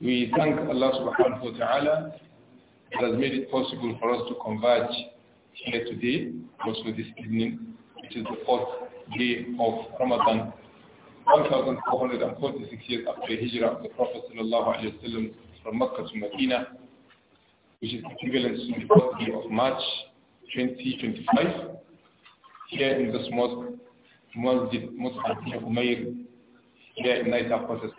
We thank Allah subhanahu wa ta'ala that has made it possible for us to converge here today, also this evening, which is the fourth day of Ramadan, 1446 years after Hijrah of the Prophet sallallahu alayhi wa sallam from Mecca to Medina, which is equivalent to the fourth day of March 2025. Here in this mosque, masjid Mus'ab bin Umair here in Night Forces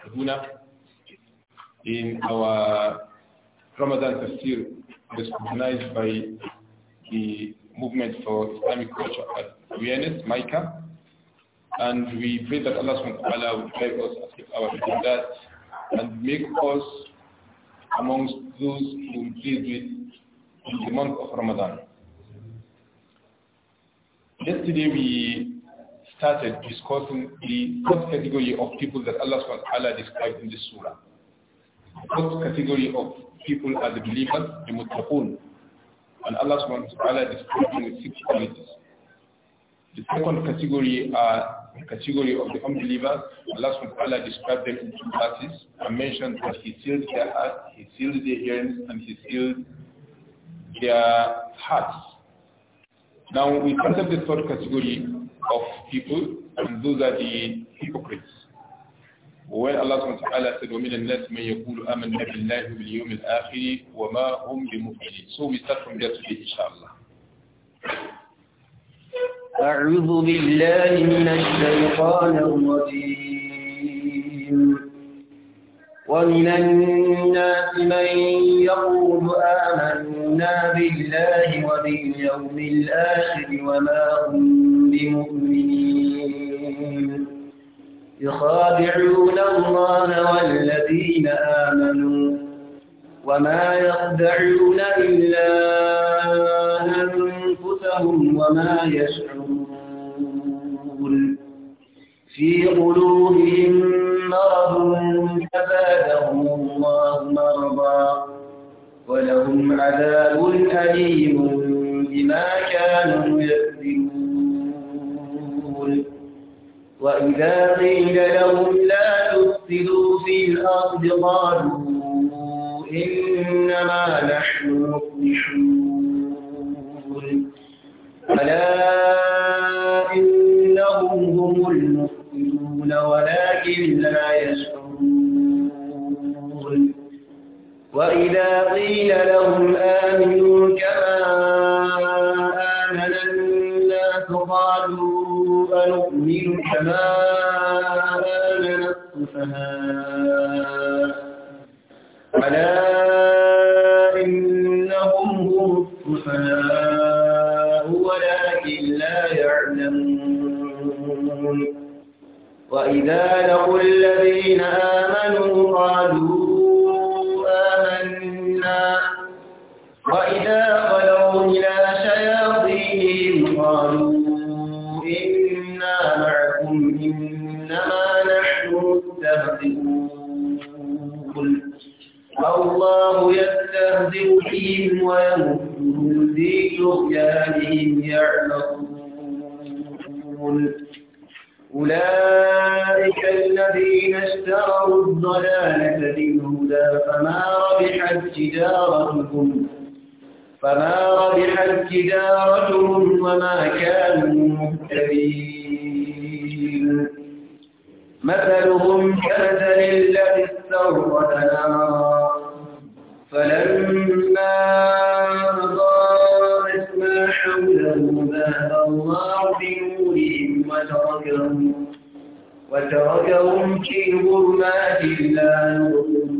In our Ramadan Tafsir was organized by the Movement for Islamic Culture Awareness, MICA. And we pray that Allah subhanahu wa ta'ala would guide us accept our ibadat and make us amongst those who will with in the month of Ramadan. Yesterday we started discussing the fourth category of people that Allah subhanahu wa ta'ala described in this surah. The fourth category of people are the believers, the muttaqun. And Allah subhanahu wa ta'ala described them with six qualities. The second category are the category of the unbelievers. Allah subhanahu wa ta'ala described them in two verses and mentioned that he sealed their hearts, he sealed their ears, and he sealed their hearts. Now we consider the third category of people, and those are the hypocrites. When Allah subhanahu wa ta'ala said, وَمِنَ النَّاسِ مَنْ يَقُولُ آمَنَّا بِاللَّهِ وَبِالْيَوْمِ الْآخِرِ وَمَا هُمْ بِمُؤْمِنِينَ So we start from there today, inshallah. أعوذ بالله من الشيطان الرجيم ومن الناس من يقول آمنا بالله وباليوم الآخر وما هم بمؤمنين يخادعون الله والذين آمنوا وما يخدعون إلا أنفسهم وما يشعرون في قلوبهم مرض فزادهم الله مرضا ولهم عذاب أليم بما كانوا يكذبون وإذا قيل لهم لا تفسدوا في الأرض قالوا إنما نحن مصلحون ألا إنهم هم يعلمون ولكن لا يشعرون وإذا قيل لهم آمنوا كما آمن الناس قالوا أنؤمن كما آمن السفهاء ألا إنهم هم السفهاء ولكن لا يعلمون وإذا لقوا الذين آمنوا قالوا آمنا وإذا خلوا إلى شياطينهم قالوا إنا معكم إنما نحن مستهزئون الله يستهزئ بهم ويمكرون في طغيانهم يعلمون أولئك الذين اشتروا الضلالة بالهدى فما ربحت تجارتهم فما ربحت تجارتهم وما كانوا مهتدين مثلهم كمثل الذي استوقد نارا فلما أضاءت ما حوله ذهب الله بنورهم وتركهم وتركهم في ظلمات لا يبصرون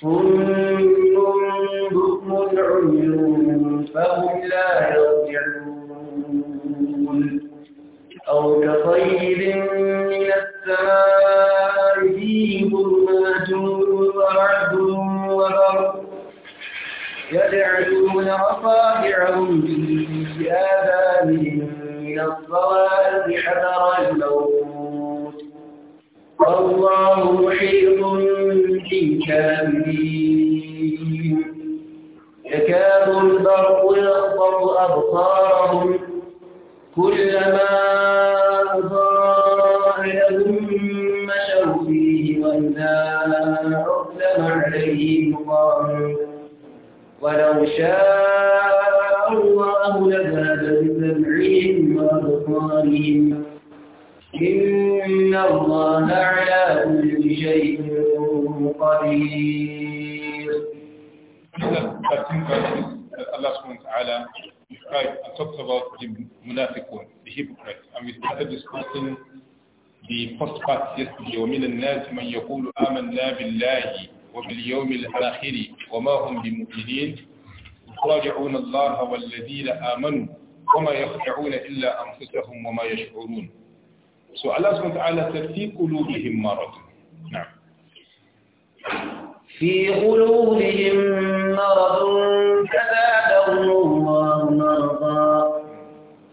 صم بكم عمي فهم لا يرجعون أو كطيب من السماء فيه ظلمات ورعد وبرق يدعون أصابعهم في آبائهم من الصواب حذر الموت والله محيط بالكافرين يكاد البرق يخطر أبصارهم كلما أضاء لهم مشوا فيه وإذا أظلم عليهم قالوا ولو شاء الله لذهب بسمعهم وأبصارهم إن الله على كل شيء قدير Allah subhanahu wa ta'ala described and talked about the munafiqun, the hypocrites. And we started discussing the first part yesterday, وَمِنَ النَّاسِ مَنْ يَقُولُ آمَنَّا بِاللَّهِ وَبِالْيَوْمِ الْآخِرِ وَمَا هُمْ بِمُؤْمِنِينَ راجعون الله والذين آمنوا وما يخدعون إلا أنفسهم وما يشعرون سؤال الله سبحانه وتعالى في قلوبهم مرض. نعم. في قلوبهم مرض فزادهم الله مرضا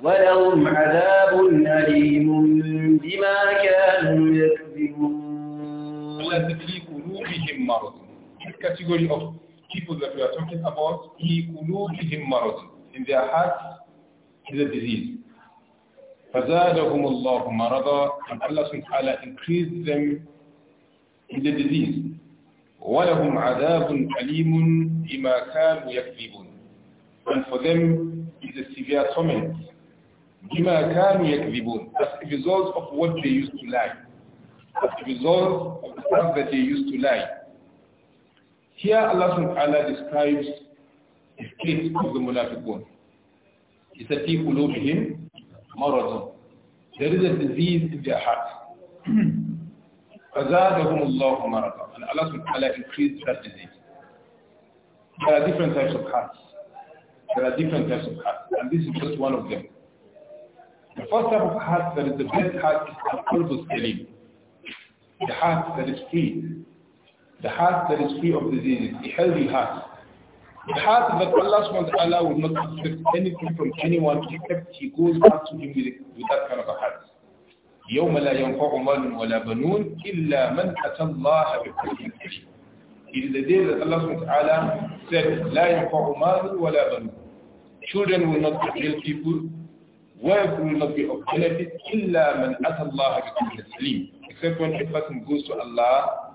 ولهم عذاب أليم بما كانوا يكذبون. الله said, في قلوبهم مرض. كاتيجوري اوف people that we are talking about, he قلوبهم مرض. In their hearts is a disease. فزادهم الله مرضا and Allah subhanahu wa ta'ala increased them in the disease. ولهم عذاب أليم بما كانوا يكذبون. And for them is a severe torment. بما كانوا يكذبون. As a result of what they used to lie. As a result of the fact that they used to lie. Here Allah subhanahu wa ta'ala describes the state of the munafiqun. It's a people him maradun. There is a disease in their heart. فَزَادَهُمُ اللَّهُ مَرَضًا And Allah subhanahu wa ta'ala increased that disease. There are different types of hearts. There are different types of hearts. And this is just one of them. The first type of heart that is the best heart is al-qalbu salim. The heart that is free the heart that is free of diseases, a healthy heart. The heart that Allah subhanahu will not accept anything from anyone except he goes back to him with, with that kind of a heart. يوم لا ينفع مال ولا بنون إلا من أتى الله بقلب It is the day that Allah subhanahu said, لا ينفع مال ولا بنون. Children will not avail people, wealth will not be of benefit إلا من أتى الله بقلب Except when a person goes to Allah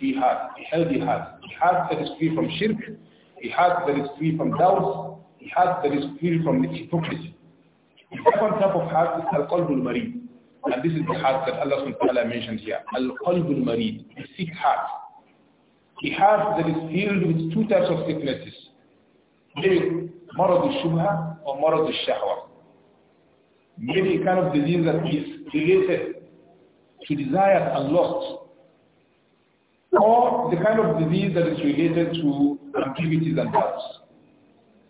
he has a healthy heart, a heart that is free from shirk, a heart that is free from doubts, a heart that is free from hypocrisy. The second type of heart is al-qalbul marid. And this is the heart that Allah subhanahu wa mentioned here. Al-qalbul marid, the sick heart. A heart that is filled with two types of sicknesses. Maybe marad al-shubha or marad al-shahwa. Maybe a kind of disease that is related to desire and lust or the kind of disease that is related to activities and drugs.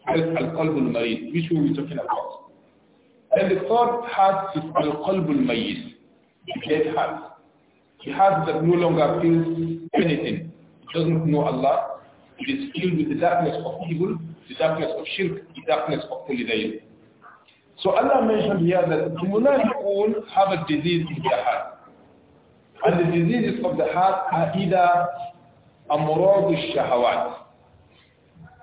That's al-qalbul marid, which we will be talking about. And the third heart is al-qalbul mayyit, the dead heart. The heart that no longer feels anything. It doesn't know Allah. It is filled with the darkness of evil, the darkness of shirk, the darkness of polytheism. So Allah mentioned here that the all have a disease in their heart. And the diseases of the heart are either amurad shahawat.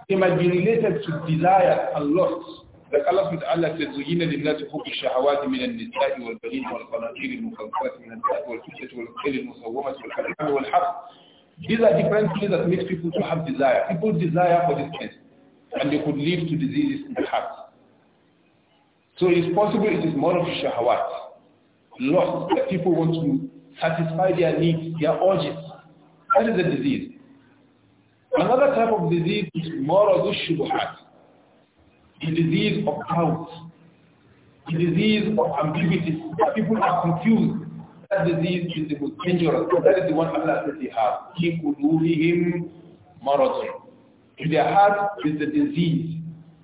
They might be related to desire and lust. Like Allah subhanahu says, زُيِّنَ لِلنَّاسِ حُبُّ الشَّهَوَاتِ مِنَ النِّسَاءِ وَالْبَنِينَ وَالْقَنَاطِيرِ الْمُقَنطَرَةِ مِنَ الذَّهَبِ وَالْفِضَّةِ وَالْخَيْلِ الْمُسَوَّمَةِ وَالْأَنْعَامِ وَالْحَرْثِ These are different things that make people to have desire. People desire for these things, and they could lead to diseases in the heart. So it's possible it is more of shahawat, lust that people want to satisfy their needs, their urges. That is a disease. Another type of disease is moradu shubuhat, the disease of doubt, the disease of ambiguity. People are confused. That disease is the most dangerous. That is the one Allah says they have. He could him maradun. In their heart is the disease.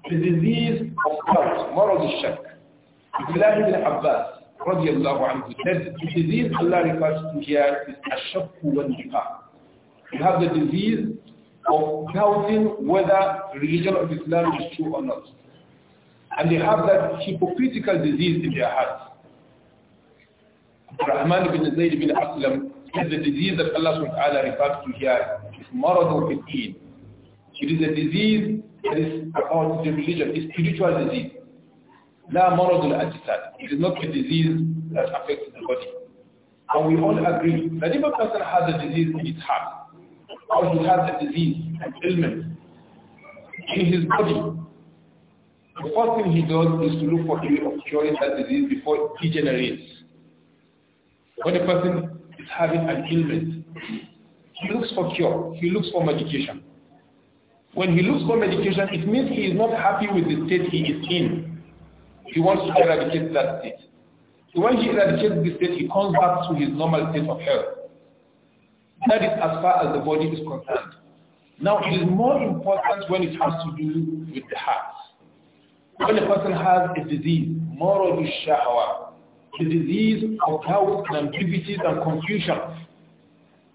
The disease of doubt, moral shak. Abdullah ibn Abbas, anhu said, the disease Allah refers to here is ashakku wal nifaq. You have the disease of doubting whether religion of Islam is true or not. And they have that hypocritical disease in their hearts. Rahman ibn Zayd ibn Aslam said the disease that Allah subhanahu refers to here is maradu fil It is a disease that is about the religion, a spiritual disease. La maradul ajisad. It is not a disease that affects the body. And we all agree that if a person has a disease in his heart, or he has a disease, an ailment, in his body, the first thing he does is to look for a way of curing that disease before it degenerates. When a person is having an ailment, he looks for cure, he looks for medication. When he looks for medication, it means he is not happy with the state he is in. He wants to eradicate that state. So when he eradicates this state, he comes back to his normal state of health. That is as far as the body is concerned. Now, it is more important when it has to do with the heart. When a person has a disease, moral shahawa, the disease of doubt and ambiguities and confusion,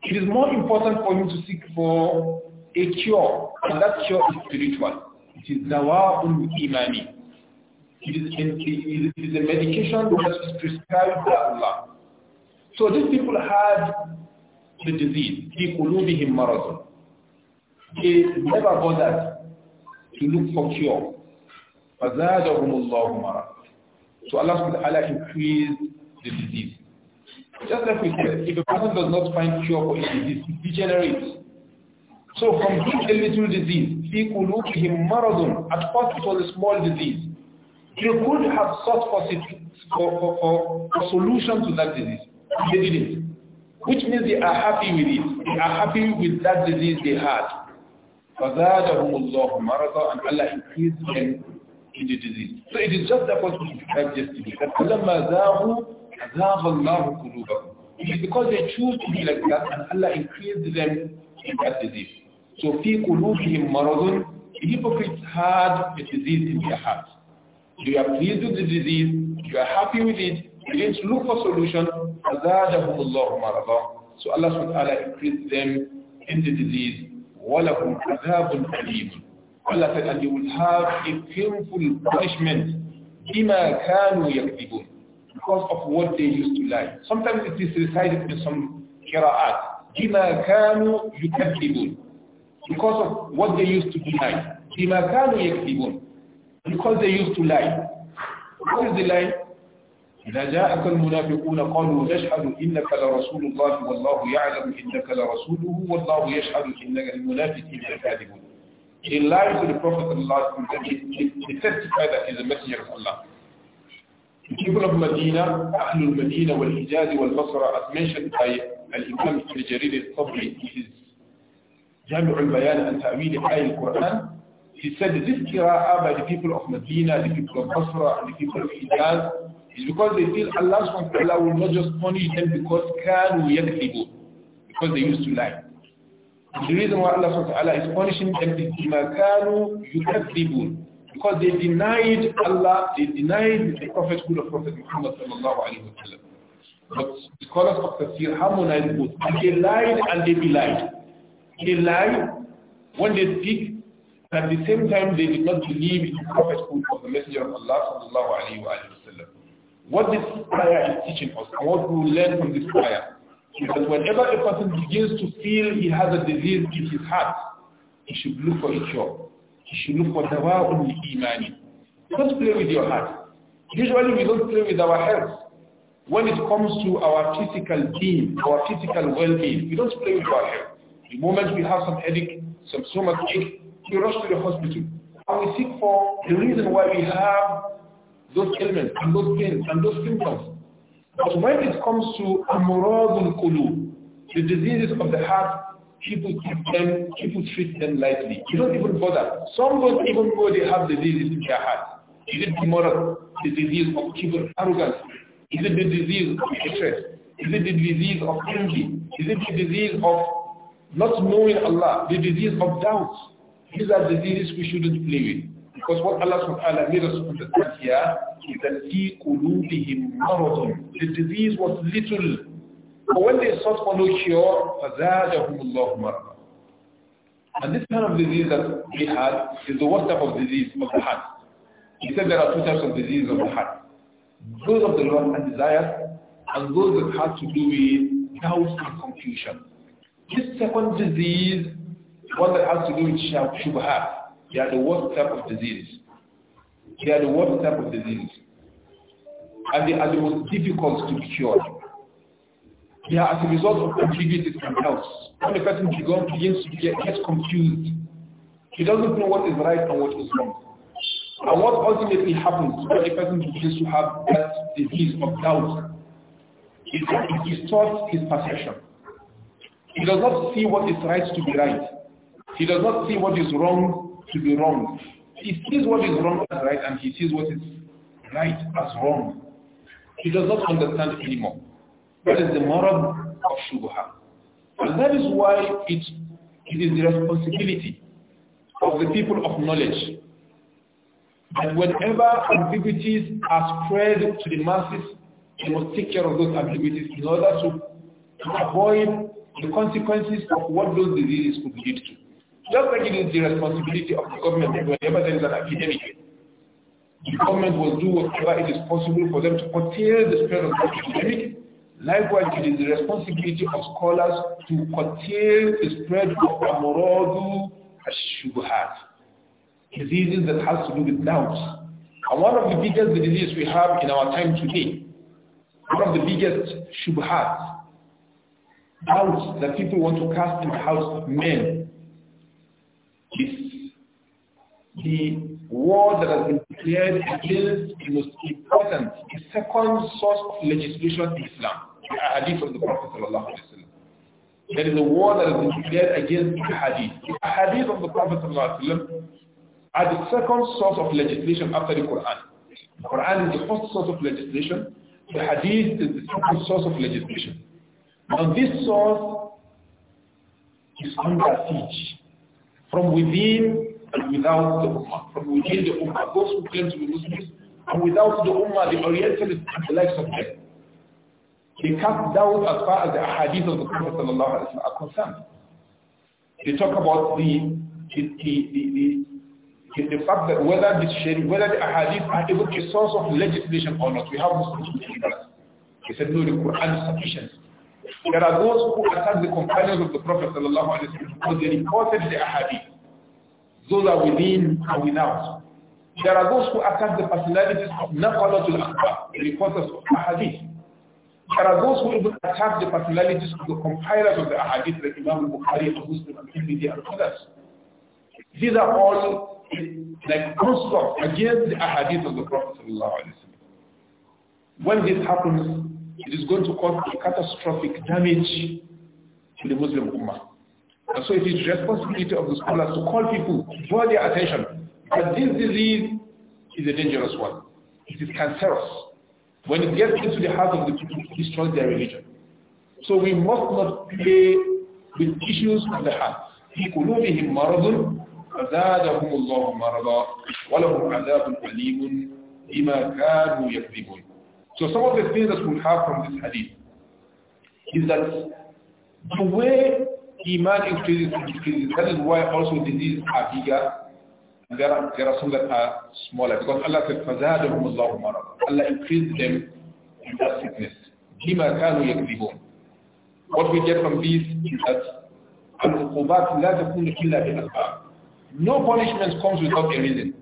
it is more important for him to seek for a cure, and that cure is spiritual. It is dawa'un imani its a medication that is prescribed by Allah. So these people had the disease, him مَرَضٌ They never bothered to look for cure. فَزَادَهُمُ اللَّهُ مَرَضٌ So Allah subhanahu increased the disease. Just like we said, if a person does not find cure for a disease, it degenerates. So from this a little disease, في قلوبهم مرض. At first it was a small disease. They could have sought for, for, for, for a solution to that disease. They didn't. Which means they are happy with it. They are happy with that disease they had. And Allah increased them in the disease. So it is just that what we described yesterday. It is because they choose to be like that and Allah increased them in that disease. So فِي قُلُوبِهِمْ مَرَضٌ The hypocrites had a disease in their hearts you are pleased with the disease, you are happy with it, need to look for solution, So Allah subhanahu wa ta'ala increased them in the disease, وَلَهُمْ عَذَابٌ أَلِيمٌ Allah said, and you will have a painful punishment, بِمَا كَانُوا يَكْذِبُونَ Because of what they used to lie. Sometimes it is recited in some kiraat. بِمَا كَانُوا يَكْذِبُونَ Because of what they used to deny because they used to lie. What is the lie? إذا جاءك المنافقون قالوا نشهد إنك لرسول الله والله يعلم إنك لرسوله والله يشهد إن المنافقين لكاذبون. He lied to the Prophet Allah he testified that he's a messenger of Allah. The people of Medina, أهل المدينة والحجاز والبصرة as mentioned by الإمام ابن جرير الطبري in his جامع البيان عن تأويل آية القرآن he said that this qira'ah by the people of Medina, the people of Basra, and the people of Hijaz is because they feel Allah subhanahu will not just punish them because kanu yakribu, because they used to lie. The reason why Allah subhanahu is punishing them is bima kanu yukathibun, because they denied Allah, they denied the prophethood of Prophet Muhammad sallallahu alaihi wasallam. But scholars of tafsir harmonized both. And they lied and they belied. They lied when they speak at the same time, they did not believe in the prophethood of the Messenger of Allah sallallahu alayhi wa What this ayah is teaching us, and what we learn from this ayah, is that whenever a person begins to feel he has a disease in his heart, he should look for a cure. He should look for dawa'un imani. Don't play with your heart. Usually we don't play with our health. When it comes to our physical being, our physical well-being, we don't play with our health. The moment we have some headache, some stomach ache, we rush to the hospital. And we seek for the reason why we have those ailments and those pains and those symptoms. But when it comes to amuradul kulu, the diseases of the heart, people treat them, people treat them lightly. You don't even bother. Some don't even know they have diseases in their heart. Is it immoral? The disease of arrogance? Is it the disease of hatred? Is it the disease of envy? Is it the disease of not knowing Allah? The disease of doubts? These are diseases we shouldn't play with. Because what Allah subhanahu wa ta'ala made us understand here is that في قلوبهم maradun. The disease was little. But when they sought for no cure, And this kind of disease that we had is the worst type of disease of the heart. He said there are two types of disease of the heart. Those of the lust and desire, and those that have to do with doubt and confusion. This second disease what that has to do with shubha. They are the worst type of disease. They are the worst type of disease. And they are the most difficult to cure. They are as a result of ambiguities and else. When the person begins to get, confused, he doesn't know what is right and what is wrong. And what ultimately happens when a person begins to have that disease of doubt is that it distorts his perception. He does not see what is right to be right. He does not see what is wrong to be wrong. He sees what is wrong as right and he sees what is right as wrong. He does not understand anymore. That is the moral of Shubha. And that is why it, it is the responsibility of the people of knowledge that whenever ambiguities are spread to the masses, they must take care of those ambiguities in order to, to avoid the consequences of what those diseases could lead to. Just like it is the responsibility of the government whenever there is an epidemic, the government will do whatever it is possible for them to curtail the spread of the epidemic. Likewise, it is the responsibility of scholars to curtail the spread of amoradu ash diseases that has to do with doubts. And one of the biggest diseases we have in our time today, one of the biggest shubhat, doubts that people want to cast in the house men the war that has been declared against the most important, the second source of legislation in Islam, the hadith of the Prophet sallallahu There is a war that has been declared against the hadith. The hadith of the Prophet sallallahu are the second source of legislation after the Quran. The Quran is the first source of legislation. The hadith is the second source of legislation. Now this source is under siege from within and without the Ummah, from within the Ummah, those who claim to be Muslims, and without the Ummah, the Orientalists and the likes of them. They cast doubt as far as the hadith of the Prophet ﷺ are concerned. They talk about the, the, the, the, the fact that whether this whether the hadith are even a source of legislation or not. We have Muslims who believe that. They said, no, the Quran is sufficient. There are those who attack the companions of the Prophet ﷺ because they reported the hadith. Those are within and without. There are those who attack the personalities of Naqalatul Akbar, the reporters of Ahadith. There are those who even attack the personalities of the compilers of the Ahadith, like Imam Bukhari, Abu Muslim, and Tirmidhi, and others. These are all like constructs against the Ahadith of the Prophet When this happens, it is going to cause catastrophic damage to the Muslim Ummah. And so it is responsibility of the scholars to call people, to draw their attention But this disease is a dangerous one. It is cancerous. When it gets into the heart of the people, it destroys their religion. So we must not play with issues of the heart. مرض فزادهم الله مرضا ولهم عذاب أليم بما كانوا يكذبون. So some of the things that we have from this hadith is that the way Iman increases disease. That is why also diseases are bigger and there are, there are some that are smaller. Because Allah said, فَزَادَهُمُ اللَّهُ مَرَضًا Allah increased them in that sickness. بِمَا كَانُوا يَكْذِبُونَ What we get from this is that الْعُقُوبَاتِ لَا تَكُونُ إِلَّا بِالْأَسْبَابِ No punishment comes without a reason.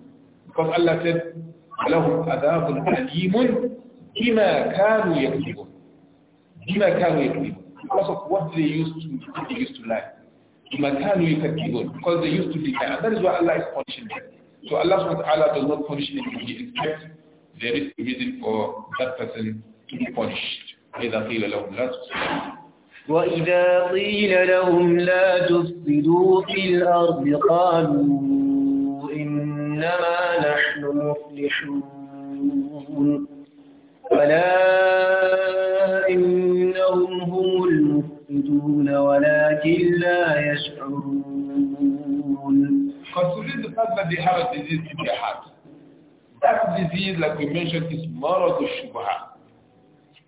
Because Allah said, وَلَهُمْ عَذَابٌ أَلِيمٌ بِمَا كَانُوا يَكْذِبُونَ بِمَا كَانُوا يَكْذِبُونَ because of what they used to they used to lie. Imakanu yukadibun, because they used to deny. And that is why Allah is punishing them. So Allah subhanahu wa ta'ala does not punish anybody except there is a reason for that person to be punished. وإذا قيل لهم لا تفسدوا وإذا قيل لهم لا تفسدوا في الأرض قالوا إنما نحن مفلحون ألا إنهم هم يبدون ولكن لا يشعرون Considering the fact that they have a disease in their heart. That disease, like we mentioned, is more of a shubha.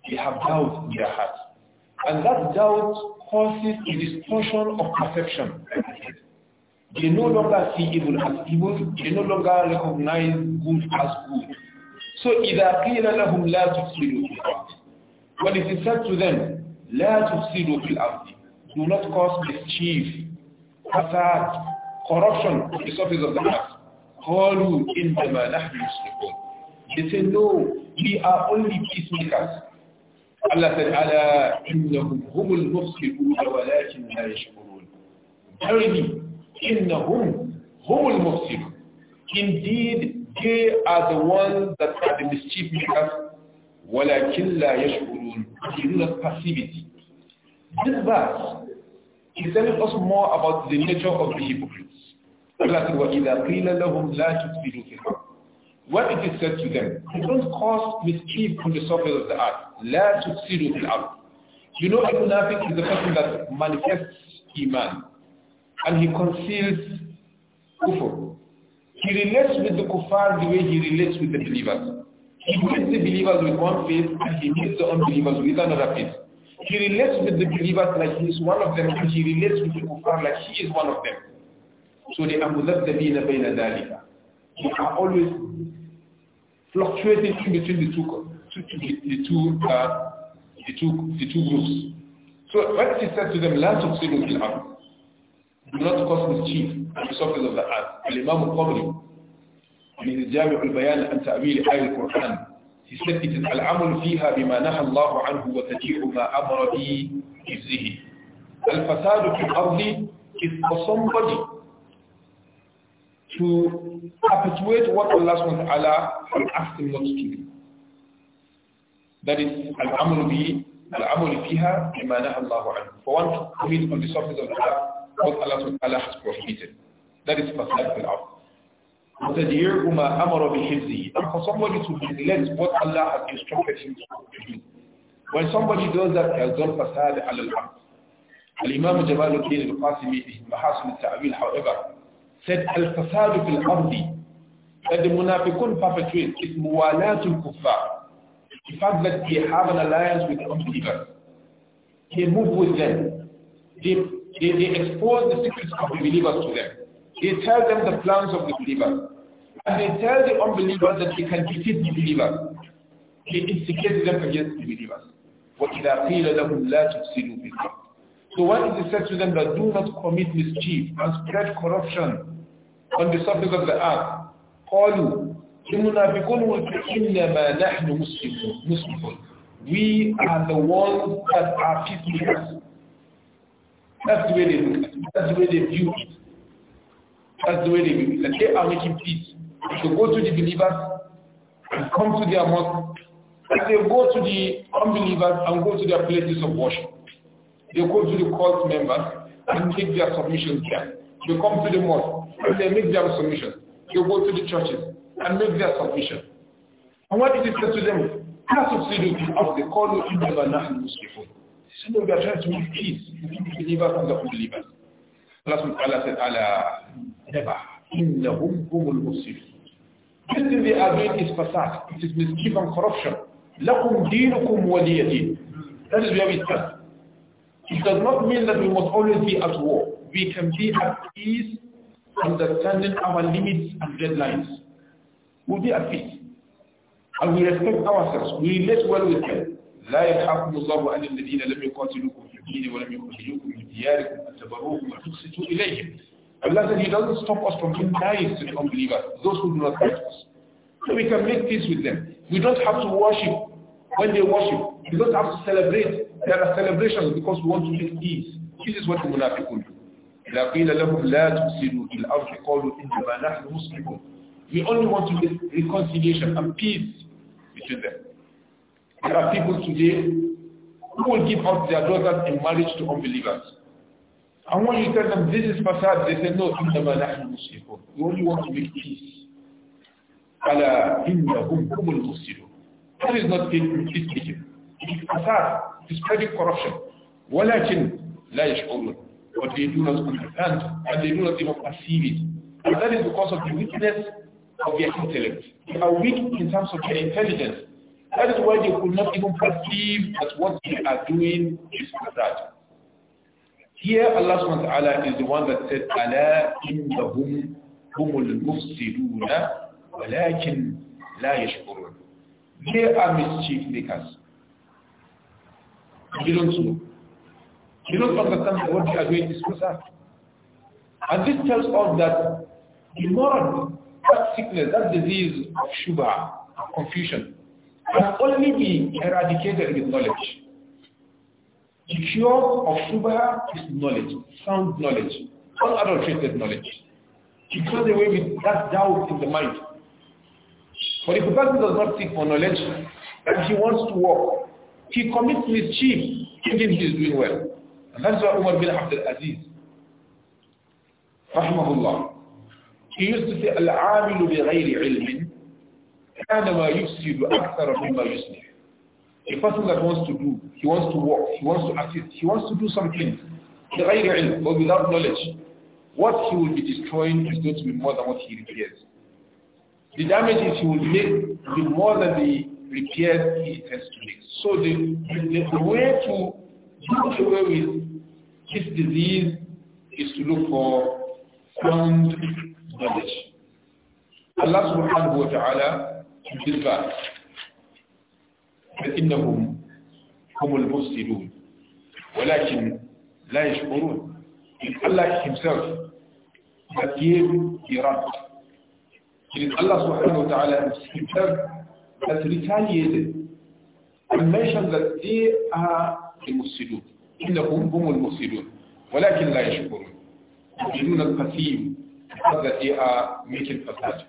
They have doubt in their heart. And that doubt causes a distortion of perception. They no longer see evil as evil. They no longer recognize good as good. So إِذَا قِيلَ لَهُمْ لَا تُفْسِدُوا When it is said to them, لا تفسدوا في الأرض Do not cause mischief, hazard, corruption on the surface of the earth. قالوا إنما نحن مسلمون They say no, we are only peacemakers. Allah said, ألا إنهم هم المفسدون ولكن لا يشكرون. Verily, إنهم هم المفسدون. Indeed, they are the ones that are the mischief makers walakin la yashkurun is passivity. This verse is telling us more about the nature of the hypocrites. Allah said, وَإِذَا قِيلَ لَهُمْ لَا تُفْسِدُوا فِي What When it is said to them, you don't cause mischief on the surface of the earth. لَا تُفْسِدُوا فِي You know, a munafiq is the person that manifests iman and he conceals kufr. He relates with the kuffar the way he relates with the believers. He meets the believers with one faith and he meets the unbelievers with another faith. He relates with the believers like he is one of them and he relates with the kuffar like he is one of them. So they are muzabbina bayna dalika. They are always fluctuating in between the two, the two, uh, the two, the two groups. So when he said to them, "La tufsidu fil ard," do not cause mischief and the surface of the earth. Al Imam Qamri من الجامع البيان عن تأويل آية القرآن في ستة العمل فيها بما نهى الله عنه وتجيء ما أمر به حفظه الفساد في الأرض is to perpetuate what Allah SWT wa ta'ala has not to do. That is العمل به العمل فيها بما نهى الله عنه For one to commit on the surface of the earth what Allah SWT has prohibited. That is فساد في الأرض وَتَدْيِرْهُ مَا أَمَرَ بِحِفْزِهِ And for somebody to neglect what Allah has instructed him to do. When somebody does that, يَزْدَرْ فَسَادَ عَلَى الْحَمْدِ الإمام جمال الدين القاسمي في محاسن التأويل however said الفساد في الأرض that the munafiqun perpetrate is muwalatul kuffar the fact that they have an alliance with the unbelievers they move with them they, they, they expose the secrets of the believers to them they tell them the plans of the believer. And they tell the unbelievers that he can defeat the believer. They instigate them against the believers. So what is it is said to them that do not commit mischief and spread corruption on the surface of the earth, قالوا المنافقون إنما نحن مسلمون We are the ones that are peacemakers. That's the way they look at it. That's the way they view it. That's the way they believe. That they are making peace. They go to the believers and come to their mosque. And they go to the unbelievers and go to their places of worship. They go to the cult members and make their submissions there. They come to the mosque and they make their submissions. They go to the churches and make their submission. And what did he say to them? That's what they do. They call you Ibn Muslim. They say, So they are trying to make peace between believers and the unbelievers. Allah subhanahu wa ta'ala said, Allah, never. Innahum humul muslimin. This is the are doing is facade. It is mischief and corruption. لَكُمْ دِينُكُمْ وَلِيَ That is where we start. It does not mean that we must always be at war. We can be at peace, understanding our limits and deadlines. We'll be at peace. And we respect ourselves. We relate well with them. لا يحكم الله أن الذين لم الدين ولم يخرجوكم من دياركم أن وتقسطوا إليهم He doesn't stop us from being nice to the unbelievers, those who do not like us. So we can make peace with them. We don't have to worship when they worship. We don't have to celebrate. There are celebrations because we want to make peace. This is what the munafiqun do. إذا لهم لا تفسدوا في الأرض قالوا إنما نحن مسلمون. We only want to make reconciliation and peace between them. There are people today who will give out their daughters in marriage to unbelievers. And when you tell them this is fasad, they say, no, إِنَّمَا نَحْنُ مُسْلِحُونَ We only want to make peace. أَلَا hum هُمُ الْمُسْلِحُونَ That is not peace-making. It is fasad. It is spreading corruption. وَلَكِنْ لَا يَشْعُرُونَ But they do not understand and they do not even perceive it. And that is because of the weakness of their intellect. They are weak in terms of their intelligence. That is why they could not even perceive that what they are doing is that. Here Allah subhanahu wa ta'ala is the one that said, "Allah إِنَّهُمْ humul الْمُفْسِدُونَ وَلَكِنْ لَا يَشْكُرُونَ They are mischief makers. You don't know. You don't understand that what they are doing is that. And this tells us that the moral, that sickness, that disease of Shubha, confusion, can only be eradicated with knowledge. The cure of Shubha is knowledge, sound knowledge, unadulterated knowledge. It does away with that doubt in the mind. But if a person does not seek for knowledge, but he wants to walk, he commits mischief thinking he is doing well. And that's why Umar bin Abdul Aziz, rahmahullah, he used to say, al-amilu bi ghayri ilmin kana A person that wants to do, he wants to work, he wants to assist, he wants to do something, but without knowledge, what he will be destroying is going to be more than what he repairs. The damages he will make will be more than the repairs he intends to make. So the, the, the way to do away with this disease is to look for sound knowledge. Allah subhanahu wa ta'ala بالبعض فإنهم هم المفسدون ولكن لا يشكرون إن الله himself مكير إيران إن الله سبحانه وتعالى himself has retaliated and mentioned that المفسدون إنهم هم المفسدون ولكن لا يشكرون يجدون القسيم that they are الفساد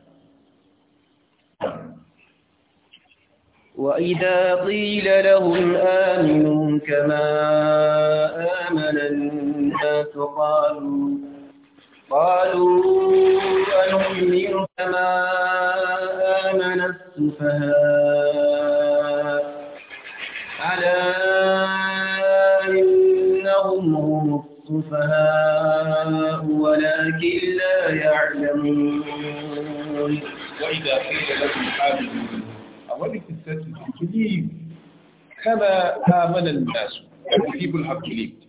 وإذا قيل لهم آمنوا كما آمن الناس قالوا قالوا أنؤمن كما آمن السفهاء ألا إنهم هم السفهاء ولكن لا يعلمون وإذا قيل لهم آمنوا when it is believe, كَمَا آمَنَ النَّاسُ people have believed.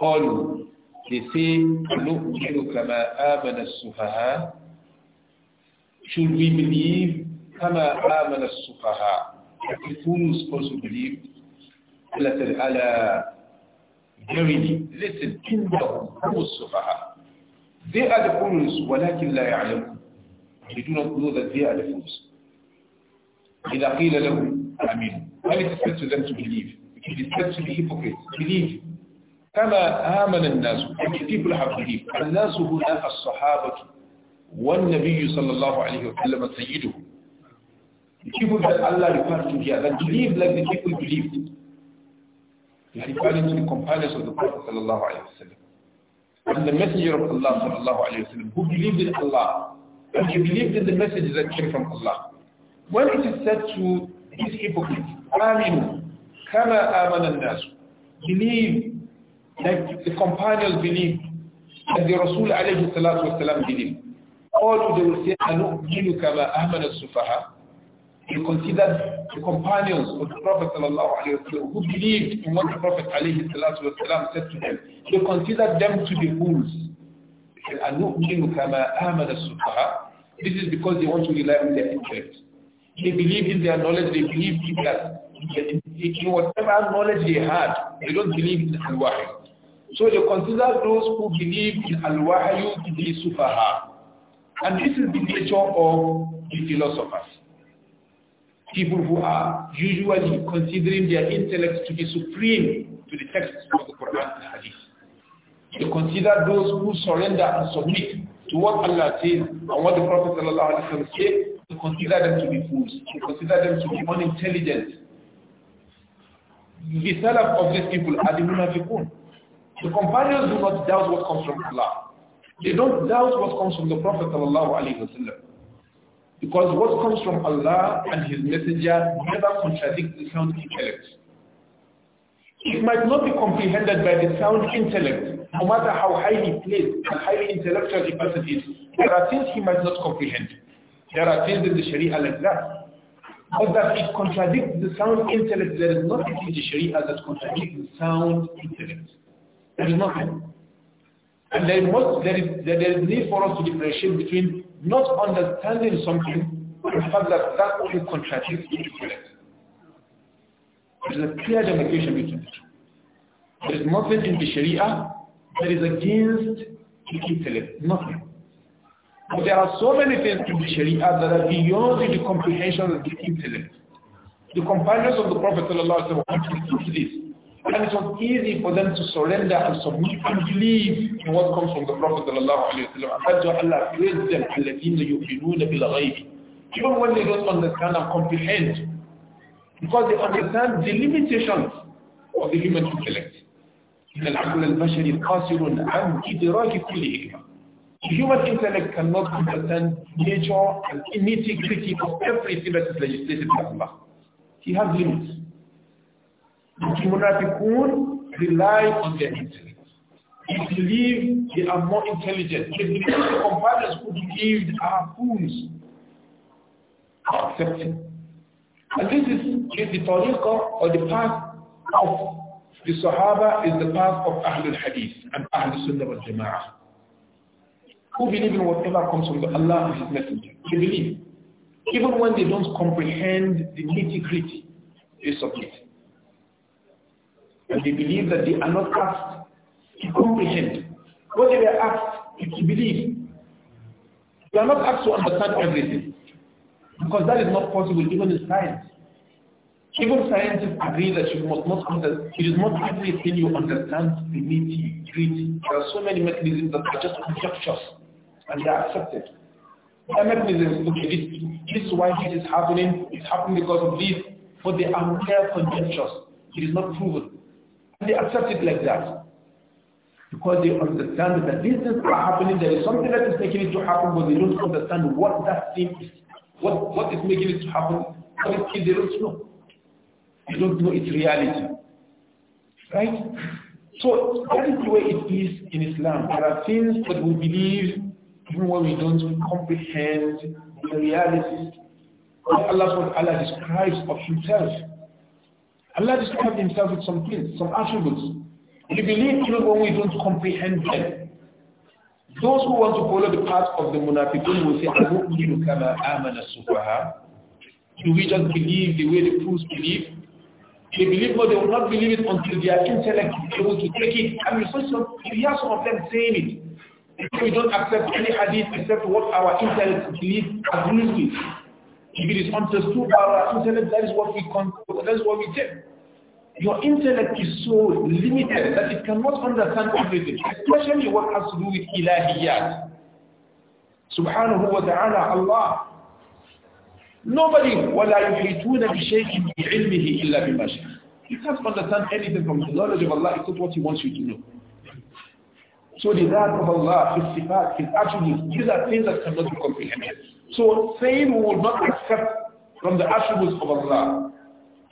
All they say, نُؤْمِنُ كَمَا آمَنَ السُّفَهَاءُ Should we believe كَمَا آمَنَ السُّفَهَاءُ The fools also believed. Allah said, Verily, listen, إِنَّهُمْ هُمُ السُّفَهَاءُ They are the fools, وَلَكِنْ لَا يَعْلَمُونَ They do not know that they are the fools. إذا قيل لهم آمين When it is said to them to believe, it is said to the hypocrites, believe. كما آمن الناس, and people have believed. الناس هنا الصحابة والنبي صلى الله عليه وسلم سيدهم. The people that Allah referred to here, that believed like the people believed. He referring to the companions of the Prophet صلى الله عليه وسلم. And the messenger of Allah صلى الله عليه وسلم, who believed in Allah, and he believed in the message that came from Allah. when it is said to these hypocrites, Aminu, Kama Amanan believe like the companions believe, and the Rasul alayhi salatu wasalam believed. All they will say, Anu'minu Kama Amanan Sufaha, he considered the companions of the Prophet وسلم, who believed in what the Prophet وسلم, said to them. They considered them to be fools. This is because they want to rely on their intellect. They believe in their knowledge, they believe in their in, in whatever knowledge they had, they don't believe in Al-Wahyu. So they consider those who believe in Al-Wahyu to be Sufaha. And this is the nature of the philosophers. People who are usually considering their intellect to be supreme to the texts of the Quran and Hadith. They consider those who surrender and submit to what Allah says and what the Prophet said to consider them to be fools. to consider them to be unintelligent. The salaf of these people are the munafiqun. The companions do not doubt what comes from Allah. They don't doubt what comes from the Prophet wasallam. Because what comes from Allah and His Messenger never contradicts the sound intellect. It might not be comprehended by the sound intellect, no matter how highly placed and highly intellectual a person is. There are things he might not comprehend. There are things in the Sharia like that. But that it contradicts the sound intellect. There is nothing in the Sharia that contradicts the sound intellect. There is nothing. And there, must, there, is, there is need for us to differentiate between not understanding something and the fact that that only contradicts the intellect. There is a clear demarcation between the two. There is nothing in the Sharia that is against the intellect. Nothing. But there are so many things to the Sharia that are beyond the comprehension of the intellect. The companions of the Prophet ﷺ understood this. And it was easy for them to surrender and submit and believe in what comes from the Prophet ﷺ. And Allah praised Even when they don't understand and comprehend, because they understand the limitations of the human intellect. إن العقل البشري قاصر عن إدراك كل حكمة human intellect cannot understand nature and nitty-gritty of everything that is legislated by Allah. He has limits. The munafiqun rely on their intellect. They believe they are more intelligent. They believe the companions who believed are fools. Accepting. And this is, the tariqah or the path of the Sahaba is the path of Ahlul Hadith and Ahlul Sunnah wal Jama'ah who believe in whatever comes from Allah and His Messenger. They believe. Even when they don't comprehend the nitty-gritty, they submit. And they believe that they are not asked to comprehend. What they were asked is to believe. They are not asked to understand everything. Because that is not possible even in science. Even scientists agree that you must not understand, it is not everything you understand the nitty-gritty. There are so many mechanisms that are just conjectures and they accept accepted. okay, this, this is why this is happening. It's happening because of this, but they are mere conjectures. It is not proven. And they accept it like that because they understand that these things are happening. There is something that is making it to happen, but they don't understand what that thing is. What, what is making it to happen? What is it? They don't know. They don't know its reality. Right? So that is the way it is in Islam. There are things that we believe even when we don't comprehend the realities Allah Allah describes of himself. Allah describes himself with some things, some attributes. We believe even when we don't comprehend them. Those who want to follow the path of the munafiqun will say, "Al-mu'minu kama amana Subha." Do we just believe the way the fools believe? They believe, but they will not believe it until their intellect is able to take it. I mean, so some, you hear some of them saying it. If we don't accept any hadith except what our intellect believes agrees with, if it is understood by our intellect, that is what we control, that is what we take. Your intellect is so limited that it cannot understand everything, especially what has to do with ilahiyat. Subhanahu wa ta'ala, Allah. Nobody, وَلَا يُحِيطُونَ بِشَيْءٍ بِعِلْمِهِ إِلَّا بِمَا You can't understand anything from the knowledge of Allah except what He wants you to know. So the wrath of Allah, His sifat, His attributes, these are things that cannot be comprehended. So saying we will not accept from the attributes of Allah,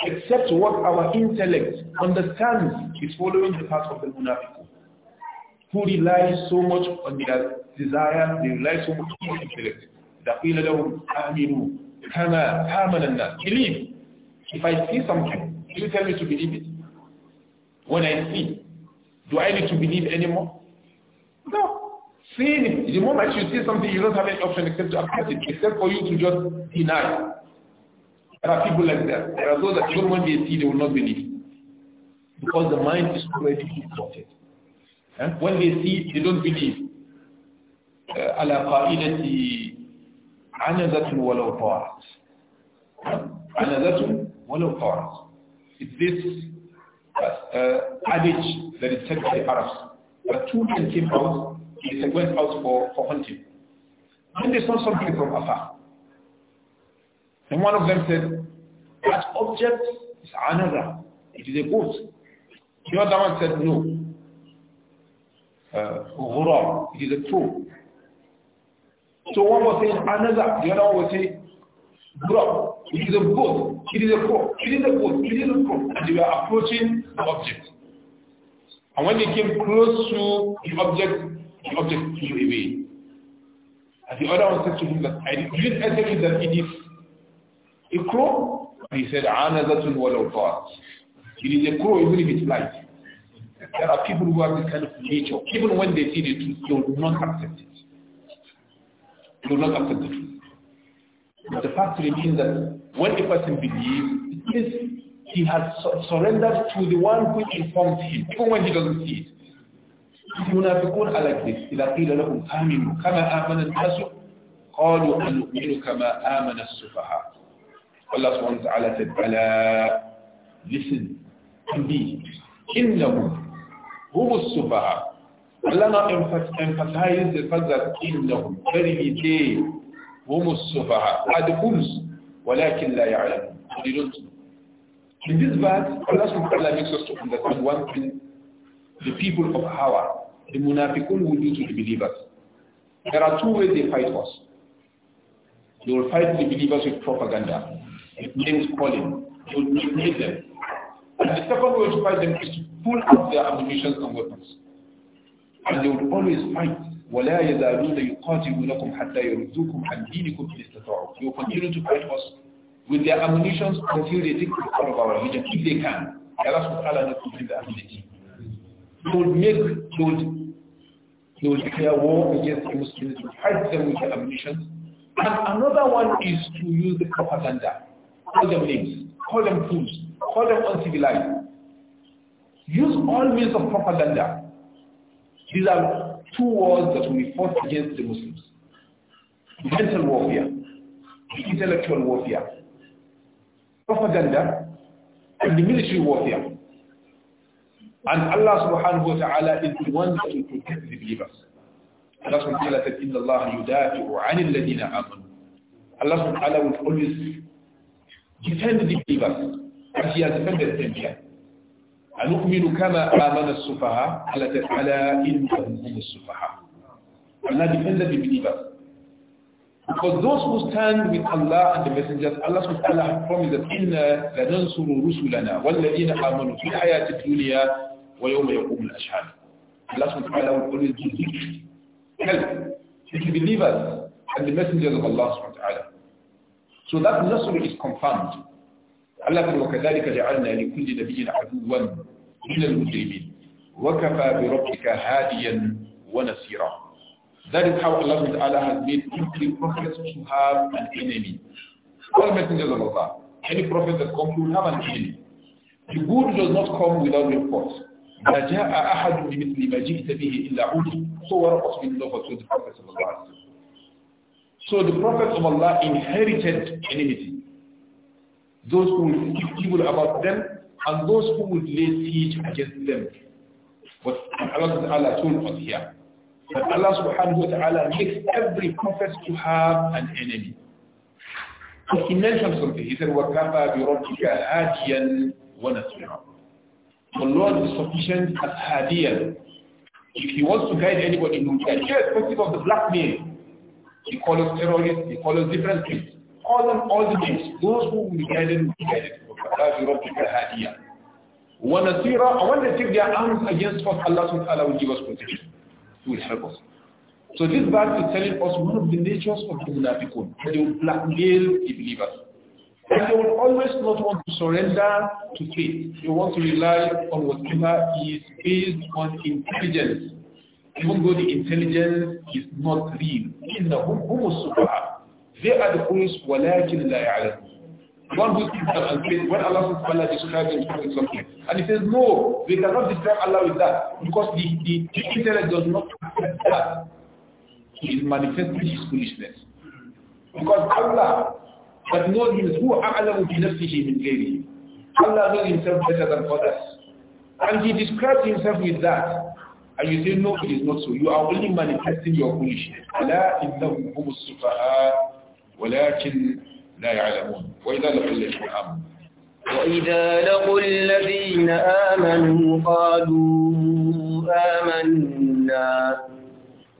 except what our intellect understands is following the path of the munafiq, who relies so much on their desire, they rely so much on their intellect. دَقِيلَ لَهُمْ آمِنُوا كَمَا آمَنَ Believe. If I see something, you tell me to believe it. When I see, do I need to believe anymore? No. Sin, the moment you see something, you don't have any option except to accept it, except for you to just deny. There are people like that. There are those that even when they see, they will not believe. Because the mind is already distorted. And eh? when they see, they don't believe. على قائلة عنزة ولو طارت It's this uh, adage that is said by Arabs but two men came out, they went out for, for hunting. And they saw something from afar. And one of them said, that object is another. It is a goat. The other one said, no. Uh, it is a crow. So one was saying another, the other one was saying, Bro, it is a goat, it is a crow, it is a goat, it is a crow. And they were approaching the object. And when they came close to the object, the object flew away. And the other one said to him that, I didn't I tell you that it is a crow? And he said, Anazatun walawfat. It is a crow even if it's light, There are people who have this kind of nature. Even when they see the truth, they will not accept it. They will not accept the truth. But the fact remains that when a person believes, it is he has surrendered to the one who informs him, even when he doesn't see it. المنافقون على كذب إذا قيل لهم آمنوا كما آمن الناس قالوا أنؤمن كما آمن السفهاء Allah subhanahu wa said بلى listen indeed إنهم هم السفهاء Allah emphasizes the fact that إنهم verily they هم السفهاء are the fools ولكن لا يعلمون they don't know in this verse, Allah subhanahu makes us to understand one thing. The people of Hawa, the munafiqun will do to the believers. There are two ways they fight us. They will fight the believers with propaganda, with names calling, they will them. And the second way to fight them is to pull out their ammunition and weapons. And they will always fight. You will continue to fight us with their ammunition until they take control of our region if they can. Allah subhanahu wa ta'ala the ability. They would make, they would, they would declare war against the Muslims, to fight them with their ammunition. And another one is to use the propaganda. Call them names, call them fools, call them uncivilized. Use all means of propaganda. These are two wars that we fought against the Muslims. Mental warfare, intellectual warfare, propaganda, and the military warfare. And Allah subhanahu wa ta'ala is the one that will protect the believers. Allah subhanahu wa ta'ala said, إِنَّ اللَّهَ يُدَافِعُ عَنِ الَّذِينَ آمَنُوا Allah subhanahu wa ta'ala will always defend the believers as he has defended them here. أَنُؤْمِنُ كَمَا آمَنَ السُّفَهَا Allah said, أَلَا And He السُّفَهَا Allah defended the believers because those who stand with Allah and the messengers, Allah subhanahu wa ta'ala has promised that إِنَّا لَنَنْصُرُ رُسُلَنَا وَالَّذِينَ آمَنُوا فِي الْحَيَاةِ الدُّنْيَا وَيَوْمَ يَقُومُ الْأَشْهَادُ Allah subhanahu wa ta'ala will always give help to the believers and the messengers of Allah subhanahu wa ta'ala. So that nasr is confirmed. Allah said, وَكَذَلِكَ جَعَلْنَا لِكُلِّ نَبِيٍّ عَدُوًّا مِنَ الْمُجْرِمِينَ وَكَفَى بِرَبِّكَ هَادِيًا وَنَصِيرًا that is how Allah Ta'ala has made every prophet to have an enemy. All messengers of Allah, any prophet that comes will have an enemy. The good does not come without report. لا the Prophet of Allah. So the Prophet of Allah inherited enmity. Those who will speak evil about them and those who will lay siege against them. But Allah Ta'ala told us here, but Allah subhanahu wa ta'ala makes every prophet to have an enemy. So he mentioned something. He said, وَكَفَى بِرَبِّكَ هَادِيًا وَنَسْرًا The Lord is sufficient as Hadiyan. If he wants to guide anybody, he will guide. Irrespective of the black name, he calls us terrorists, he calls us different things. Call them all the names. Those who will be guided will be guided. وَكَفَى بِرَبِّكَ هَادِيًا وَنَسْرًا And when they take their arms against us, Allah subhanahu wa ta'ala will give us protection. He will help us. So this verse is telling us one of the natures of the Munafiqun, that they will blackmail the believers. And they will always not want to surrender to faith. They want to rely on whatever is based on intelligence, even though the intelligence is not real. إِنَّهُمْ هُمُ They are the fools, وَلَكِنْ لَا يَعْلَمُ one who sees them and says, when Allah subhanahu describes himself with something. And he says, no, we cannot describe Allah with that because the, the, the intellect does not accept that. He is manifesting his foolishness. Because Allah that knows him who Allah be to Him in غيره. Allah knows himself better than others. And he describes himself with that. And you say, no, it is not so. You are only manifesting your foolishness. ألا إنهم هم السفهاء ولكن لا يعلمون. وإذا لقوا الذين آمنوا وإذا لقوا الذين آمنوا قالوا آمنا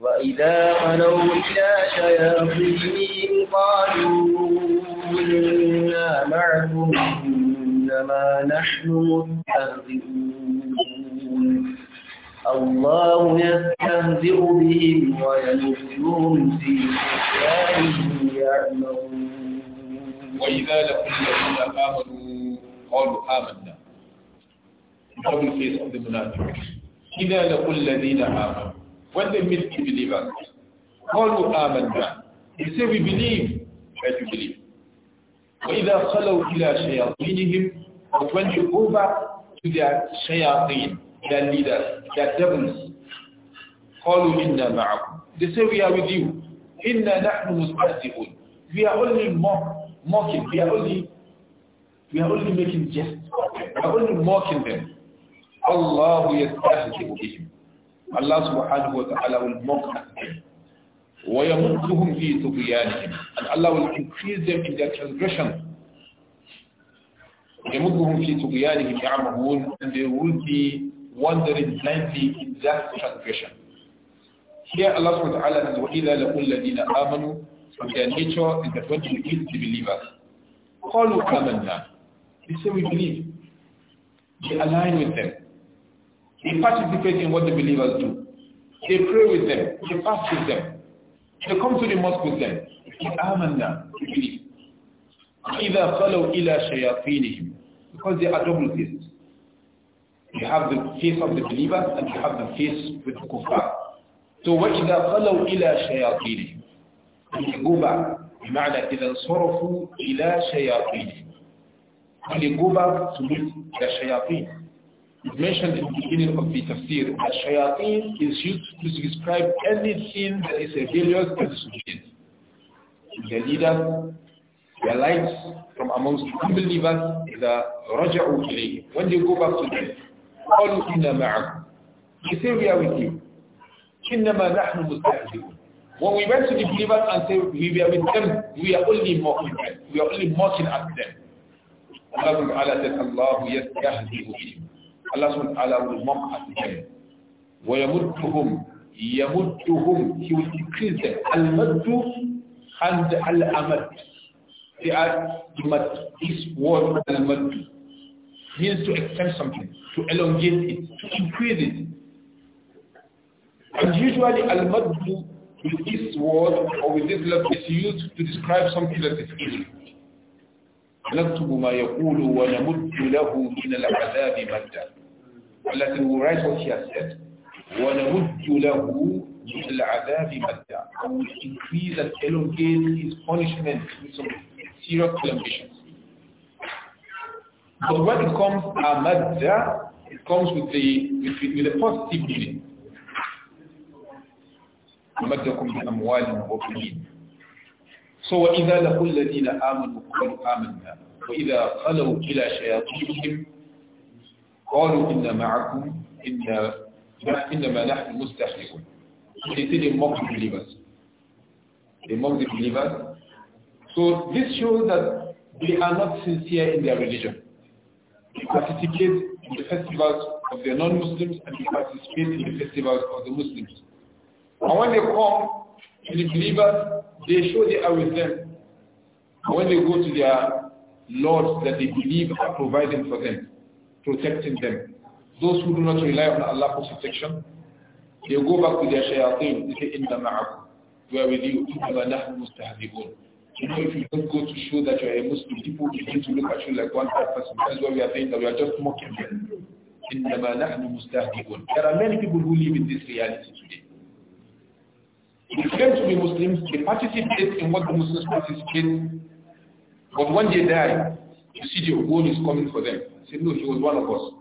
وإذا خلوا إلى شياطينهم قالوا إنا معكم إنما نحن مستهزئون الله يستهزئ بهم ويدخلهم في طغيانهم يعمهون وإذا لقوا الذين آمنوا قالوا آمنا double face of the munafiq إذا لقوا الذين آمنوا when they meet the believers قالوا آمنا they say we believe but you believe وإذا خلوا إلى شياطينهم but when you go back to their shayateen their leaders their devils قالوا إنا معكم they say we are with you إنا نحن مستهزئون we are only mocked mocking. We are only, we are only making jest. We are only mocking them. Allah yastahzi'u bihim. Allah subhanahu wa ta'ala will mock at them. وَيَمُدُّهُمْ فِي تُغْيَانِهِمْ And Allah will increase them in their transgression. وَيَمُدُّهُمْ فِي تُغْيَانِهِمْ يَعْمَهُونَ And they will be wandering blindly in that transgression. Here Allah subhanahu wa ta'ala says, وَإِذَا لَقُوا الَّذِينَ آمَنُوا from their nature is that when you meet the believers, all amanna, they say we believe. They align with them. They participate in what the believers do. They pray with them. They fast with them. They come to the mosque with them. They amanna, they believe. إِذَا خَلَوْا إِلَى شَيَاطِينِهِمْ Because they are double faced. You have the face of the believers and you have the face with the kuffar. So وَإِذَا خَلَوْا إِلَى شَيَاطِينِهِمْ الغبى بمعنى إذا انصرفوا إلى شياطين الغبى تمثل إلى mentioned in the beginning of the tafsir that shayateen is used to describe anything that is rebellious and disobedient. The leaders, the lights from amongst the unbelievers, إذا رجعوا إليه. When they go back to them, قالوا إنا معكم. They say we are with you. إنما نحن مستهزئون. When we went to the believers and said we were with them, we are only mocking them. We are only mocking at them. Allah Ta'ala said, Allah yastahdi bihim. Allah subhanahu wa ta'ala will mock at them. وَيَمُدُّهُمْ يَمُدُّهُمْ He will increase them. Al-Maddu and Al-Amad. They are mad. This word Al-Maddu means to extend something, to elongate it, to increase it. And usually Al-Maddu with this word or with this letter is used to describe something that is evil. نكتب ما يقول ونمد له من العذاب مدا Allah will write what he has said ونمد له من العذاب مدا and will increase and elongate his punishment with some serious calamities but when it comes to madda it comes with the with, with a positive meaning أمدكم بأموال وبنين So وإذا لقوا الذين آمنوا قالوا آمنا وإذا خلوا إلى شياطينهم قالوا إنا معكم إنا إنما نحن مستحيون They say they mock the believers. They mock the believers. So this shows that they are not sincere in their religion. They participate in the festivals of the non-Muslims and they participate in the festivals of the Muslims. And when they come to the believers, they show they are with them. And when they go to their Lord, that they believe are providing for them, protecting them. Those who do not rely on Allah for protection, they go back to their shayateen, they say, Inna ma'akum, we are with you, Inna nahnu mustahzibun. You know, if you don't go to show that you are a Muslim, people begin to look at you like one bad person. That's why we are saying that we are just mocking them. Inna ma nahnu mustahzibun. There are many people who live in this reality. They claim to be Muslims, they participate in what the Muslims participate, but when they die, you see the world is coming for them. They say, no, he was one of us.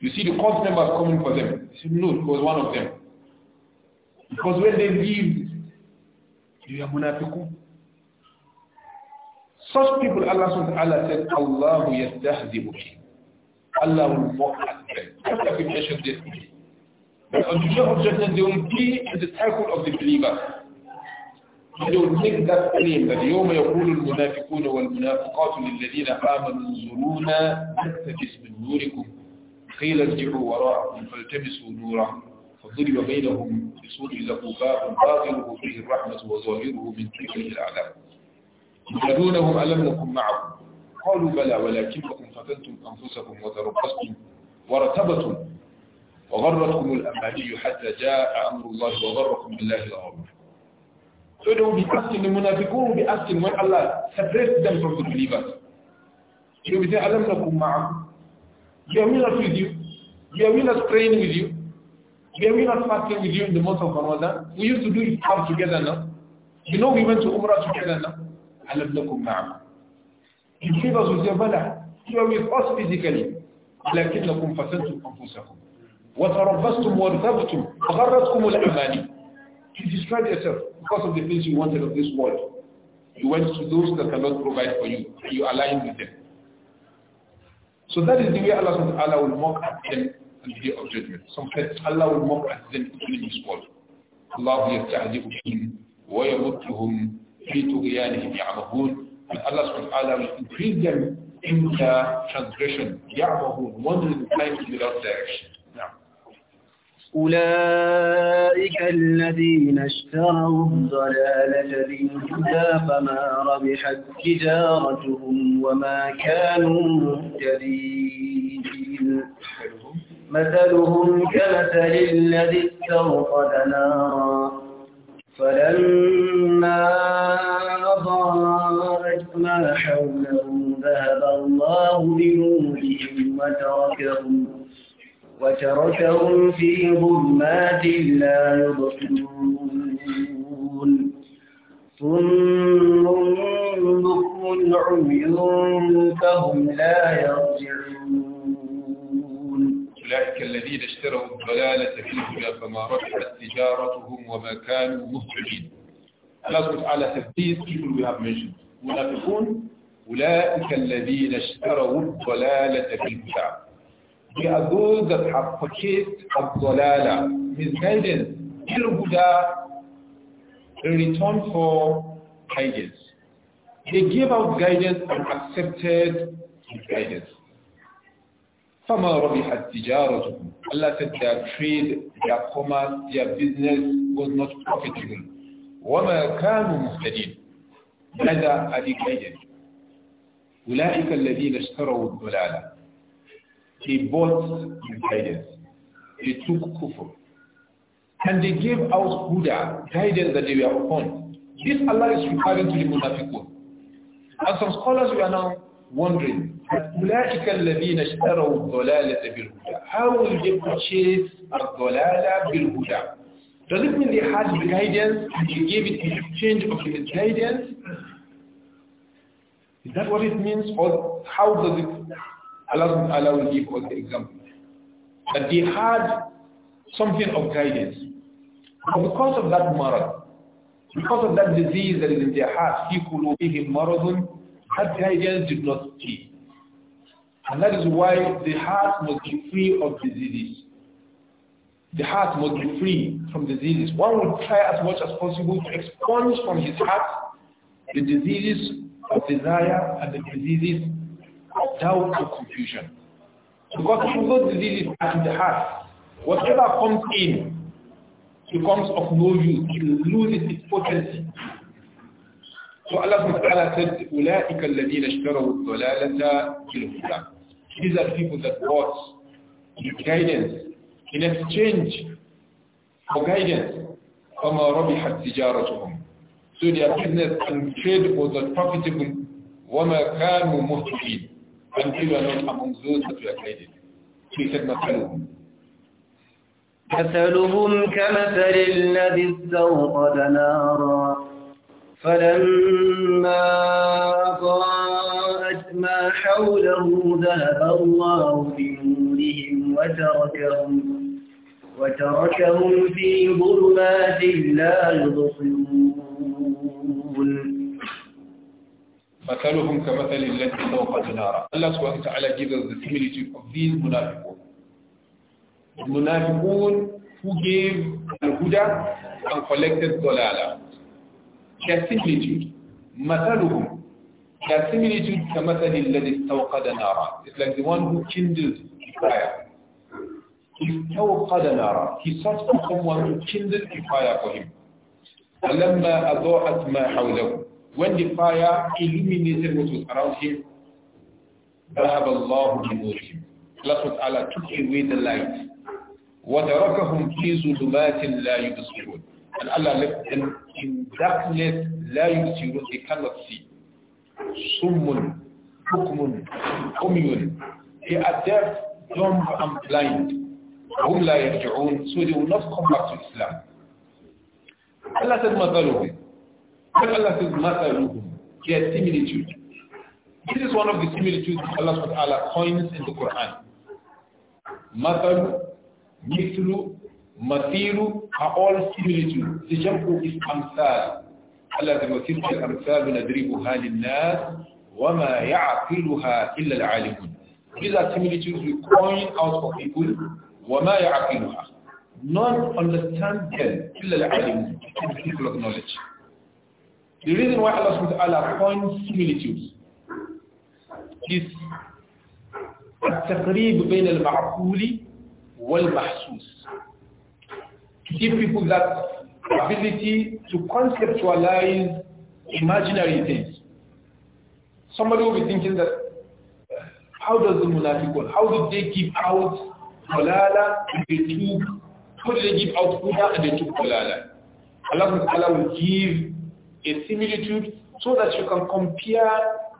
You see the court members coming for them. They say, no, he was one of them. Because when they leave, they are munafiqun. Such people, Allah subhanahu said, Allah will mock at them. Just like we mentioned but on the day of judgment, they will be in the circle of the believers. They will make that claim that يوم يقول المنافقون والمنافقات للذين آمنوا انظرونا نقتبس من نوركم قيل ارجعوا وراءكم فالتمسوا نورا فضرب بينهم بسور له باب باطنه فيه الرحمة وظاهره من تلكه العذاب يسألونهم ألم نكن معكم قالوا بلى ولكنكم فتنتم أنفسكم وتربصتم وارتبتم وغرتكم الأماني حتى جاء أمر الله وغركم بالله الغرب So they will be asking, the munafiqun will be asking when Allah separates them from the believers. He will be saying, Alam nakum ma'am. We are not with you. We are not praying with you. We are not fasting with you in the month of Ramadan. We used to do it all together now. You know we went to Umrah together now. Alam nakum ma'am. The believers will say, Bala, you are with us physically. لكنكم فسدتم أنفسكم وَتَرَبَّسْتُمْ وَارْتَبْتُمْ وَغَرَّتْكُمُ الْأَمَانِ You destroyed yourself because of the things you wanted of this world. You went to those that cannot provide for you, and you aligned with them. So that is the way Allah says Allah will mock at them on the day of judgment. Some said Allah will mock at them in this world. Allah يستهزئ بهم ويمدهم في طغيانهم يعمهون and Allah subhanahu will increase them in their transgression, يعمهون, wandering blindly without direction. أولئك الذين اشتروا الضلالة بالهدى فما ربحت تجارتهم وما كانوا مهتدين مثلهم كمثل الذي استوقد نارا فلما أضاءت ما حوله ذهب الله بنورهم وتركهم وتركهم في ظلمات لا يبصرون صم بكم عمي فهم لا يرجعون أولئك الذين اشتروا الضلالة في الهدى فما ربحت تجارتهم وما كانوا مهتدين Allah Ta'ala says these people we have منافقون أولئك الذين اشتروا الضلالة في الهدى They are those that have purchased Abdullah, misguidance, Buddha, in return for guidance. They gave out guidance and accepted guidance. فَمَا رَبِحَتْ تِجَارَتُهُمْ Allah said their trade, their commerce, their business was not profitable. وَمَا كَانُوا مُهْتَدِينَ Neither are they guided. أُولَٰئِكَ الَّذِينَ اشْتَرَوُا الضَّلَالَ He bought his guidance. He took kufr. And they gave out Buddha guidance that they were upon. This Allah is referring to the Munafiqun. And some scholars were now wondering, How will they purchase bil بالهدى? Does it mean they had the guidance and they gave it in exchange of the guidance? Is that what it means? Or how does it Allah, will give us the example. That they had something of guidance. But because of that marad, because of that disease that is in their heart, that guidance did not stay. And that is why the heart must be free of diseases. The heart must be free from diseases. One would try as much as possible to expunge from his heart the diseases of desire and the diseases doubt and confusion. Because even disease is at the heart. Whatever comes in becomes of no use. It loses its potency. So Allah subhanahu wa ta'ala said, أُولَٰئِكَ الَّذِينَ اشْتَرَوُوا بِالْهُدَىٰ These are people that bought the guidance in exchange for guidance. from فَمَا رَبِحَتْ تِجَارَتُهُمْ So their business and trade was not profitable. وَمَا كَانُوا مُهْتِدِينَ and everyone among those that guided. He said, مثلهم مثلهم كمثل الذي استوقد نارا فلما أضاءت ما حوله ذهب الله بنورهم وتركهم وتركهم في ظلمات لا يبصرون مثلهم كمثل الذي توقد نارا Allah subhanahu wa ta'ala gives the similitude of these munafiqun the munafiqun who gave al-huda and collected dalala their similitude مثلهم their similitude كمثل الذي توقد نارا it's like the one who kindled kindles fire استوقد نارا he sought for someone to kindle a fire for him فلما أضاءت ما حوله when the fire illuminated what was around him, ذهب الله بنورهم. Allah Taala took away the light. وَتَرَكَهُمْ فِي ظُلُمَاتٍ لَا يُبْصِرُونَ And Allah left them in darkness لَا يُبْصِرُونَ They cannot see. صُمٌ حُكْمٌ أُمْيٌ They are deaf, dumb and blind. هُمْ لَا يَرْجِعُونَ So they will not come back to Islam. Allah said مَثَلُهُمْ this is one of the similitudes Allah subhanahu wa ta'ala coins in the Quran. Masalu, Mithlu, Mathiru are all similitudes. The jamku is Amsal. Allah says, وَتِلْكَ الْأَمْثَالُ نَدْرِبُهَا لِلنَّاسِ وَمَا يَعْقِلُهَا إِلَّا الْعَالِمُونَ These are similitudes we coin out for people. وَمَا يَعْقِلُهَا None understand them, إِلَّا الْعَالِمُونَ. People of knowledge. The reason why Allah subhanahu wa ta'ala points similitudes is التقريب بين المعقول والمحسوس to give people that ability to conceptualize imaginary things. Somebody will be thinking that uh, how does the munafiqun, how did they give out halala and they took, how did they give out huda and they took halala? Allah, taala will give a similitude so that you can compare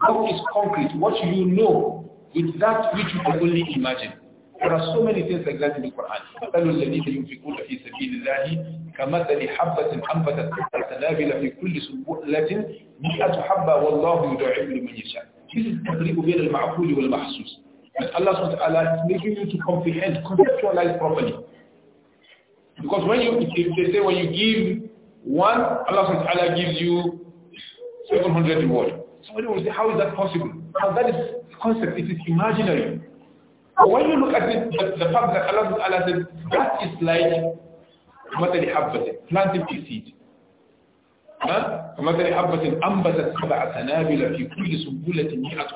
what is concrete, what you know, with that which you can only imagine. There are so many things like that in the Quran. مثل الذين ينفقون في سبيل الله كمثل حبة أنبتت سنابل في كل سنبلة مئة حبة والله يضاعف لمن يشاء. This is تقريب بين المعقول والمحسوس. But Allah subhanahu is making you to comprehend, conceptualize properly. Because when you, they say when you give one, Allah SWT gives you 700 reward. Somebody will say, how is that possible? that is concept, it is imaginary. But when you look at it, the, the fact that Allah Allah said, that is like مثل حبة planting a seed. Huh? ومثل حبة أنبتت سبع سنابل في كل سنبلة مئة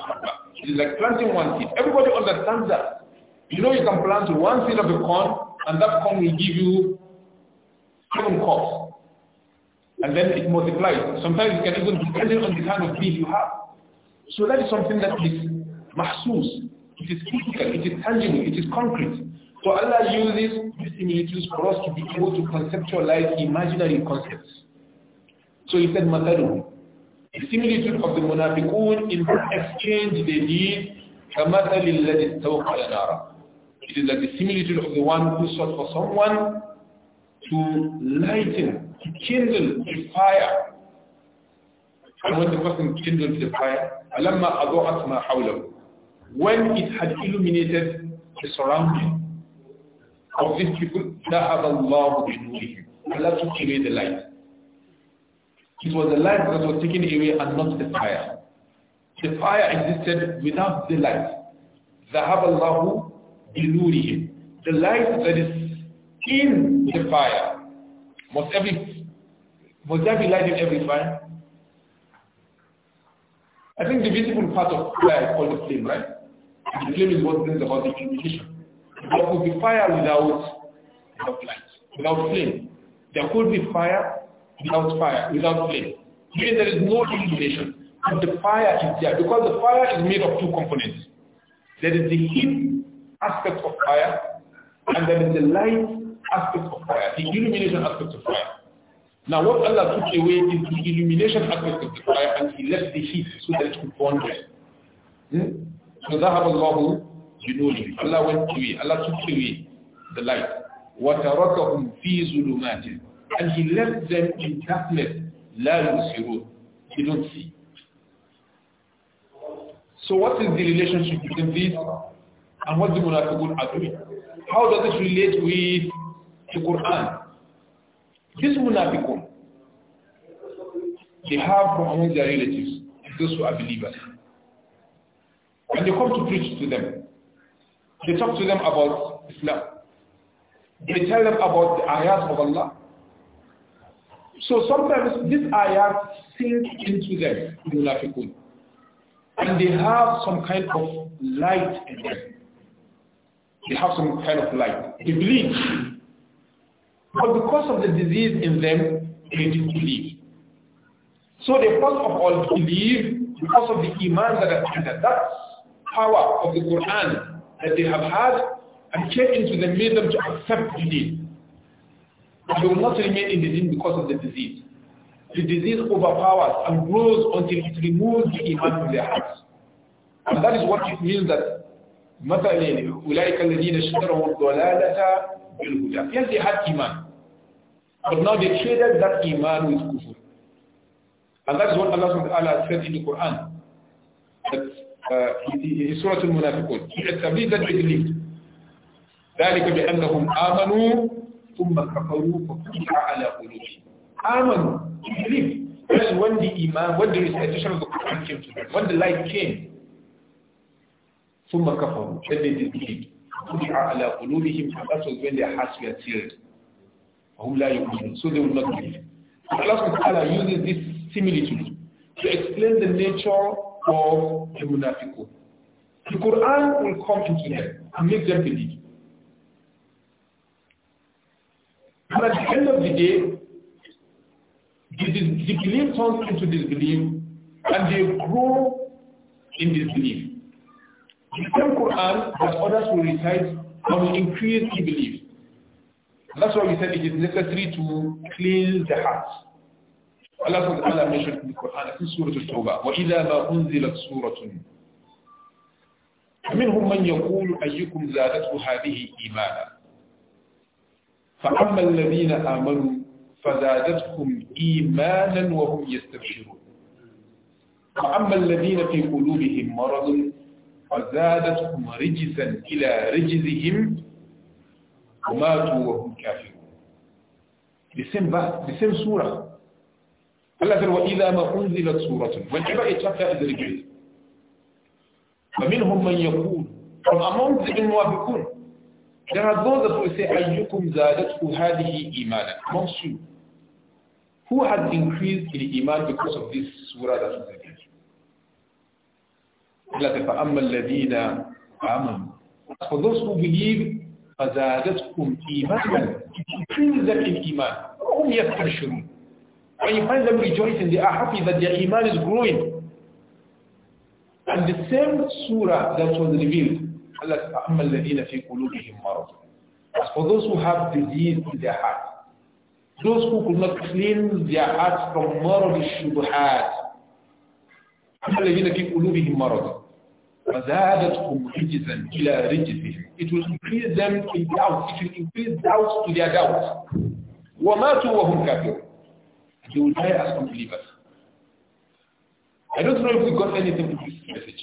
It is like planting one seed. Everybody understands that. You know you can plant one seed of a corn and that corn will give you seven crops and then it multiplies. Sometimes it can even depend on the kind of beef you have. So that is something that is mahsus. It is physical, it is tangible, it is concrete. So Allah uses these similitudes for us to be able to conceptualize imaginary concepts. So he said, Matalu, the similitude of the munafiqun in the exchange they did, كَمَثَلِ الَّذِي It is like the similitude of the one who sought for someone to lighten, to kindle the fire. And when the person kindled the fire, أَلَمَّا أَضَعَتْ مَا حَوْلَهُ When it had illuminated the surrounding of these people, ذَهَبَ اللَّهُ بِنُورِهِمْ Allah took away the light. It was the light that was taken away and not the fire. The fire existed without the light. ذَهَبَ اللَّهُ بِنُورِهِمْ The light that is in the fire. Must every must there be light in every fire? I think the visible part of fire is called the flame, right? The flame is what brings about the illumination. There could be fire without, without light, without flame. There could be fire without fire, without flame. Meaning there is no illumination. But the fire is there because the fire is made of two components. There is the heat aspect of fire and there is the light Aspect of fire, the illumination aspect of fire. Now what Allah took away is the illumination aspect of the fire and he left the heat so that it could burn hmm? So ذهب الله بنورهم Allah went away, Allah took away the light. وَتَرَكَهُمْ فِي ظُلُمَاتٍ And he left them in darkness لا يبصرون They don't see. So what is the relationship between these and what the Munafiqun are doing? How does it relate with the Quran. These munafiqun, they have among their relatives those who are believers. When they come to preach to them, they talk to them about Islam. They tell them about the ayat of Allah. So sometimes these ayat sink into them, munafiqun. And they have some kind of light in them. They have some kind of light. They believe but because of the disease in them, they didn't believe. So they first of all believe because of the iman that attended. That power of the Quran that they have had and came into them made them to accept the deen. But they will not remain in the deen because of the disease. The disease overpowers and grows until it removes the iman from their hearts. And that is what it means that مثلا أولئك الذين اشتروا الضلالة بالهدى. But now they traded that iman with kufr. And that's what Allah subhanahu wa ta'ala said in the Quran. That uh, in Surah Al-Munafiqun, يَتَّبِيدَ الْإِذْلِينَ ذَلِكَ بِأَنَّهُمْ آمَنُوا ثُمَّ كَفَرُوا فَقُلْعَ عَلَى قُلُوبِهِمْ Amanu, believe. That's when the iman, when the recitation of the Quran came to them, when the light came, ثُمَّ كَفَرُوا Then they believed." فَقُلْعَ عَلَى قُلُوبِهِمْ And that was when their hearts were sealed. So they will not believe. Allah subhanahu wa ta'ala uses this similitude to explain the nature of the munafiqun. The Quran will come into them and make them believe. But at the end of the day, the, the belief turns into disbelief and they grow in disbelief. The same Quran that others will recite will increase the belief. And that's why we said it is necessary to cleanse the heart. Allah subhanahu wa ta'ala mentioned in the Quran, in Surah Al-Tawbah, وَإِذَا مَا أُنزِلَتْ سُورَةٌ فمنهم من يقول أيكم زادته هذه إيمانا فأما الذين آمنوا فزادتهم إيمانا وهم يستبشرون وأما الذين في قلوبهم مرض فزادتهم رجسا إلى رجزهم وماتوا وهم كافرون بسم بقى بسم سورة الله قال وإذا ما أنزلت سورة والعباء تفا إذا رجعت فمنهم من يقول from among the muwafiqun there are those who say ayyukum zadatu hadhihi imanan amongst you who has increased in iman because of this surah that was revealed Allah فأما الذين آمنوا for those who believe فزادتكم إيمانا increase them in iman وهم يستبشرون when you find them rejoicing they are happy that their iman is growing and the same surah that was revealed Allah فأما الذين في قلوبهم مرض as for those who have disease in their heart those who could not cleanse their hearts from moral الشبهات فأما الذين في قلوبهم مرض رِجِزًا إِلَىٰ رِجِزِهِمْ It will increase them in doubt. It will increase doubt to their doubt. وَمَاتُوا وَهُمْ كَافِرُونَ They will die as unbelievers. I don't know if we got anything from this message.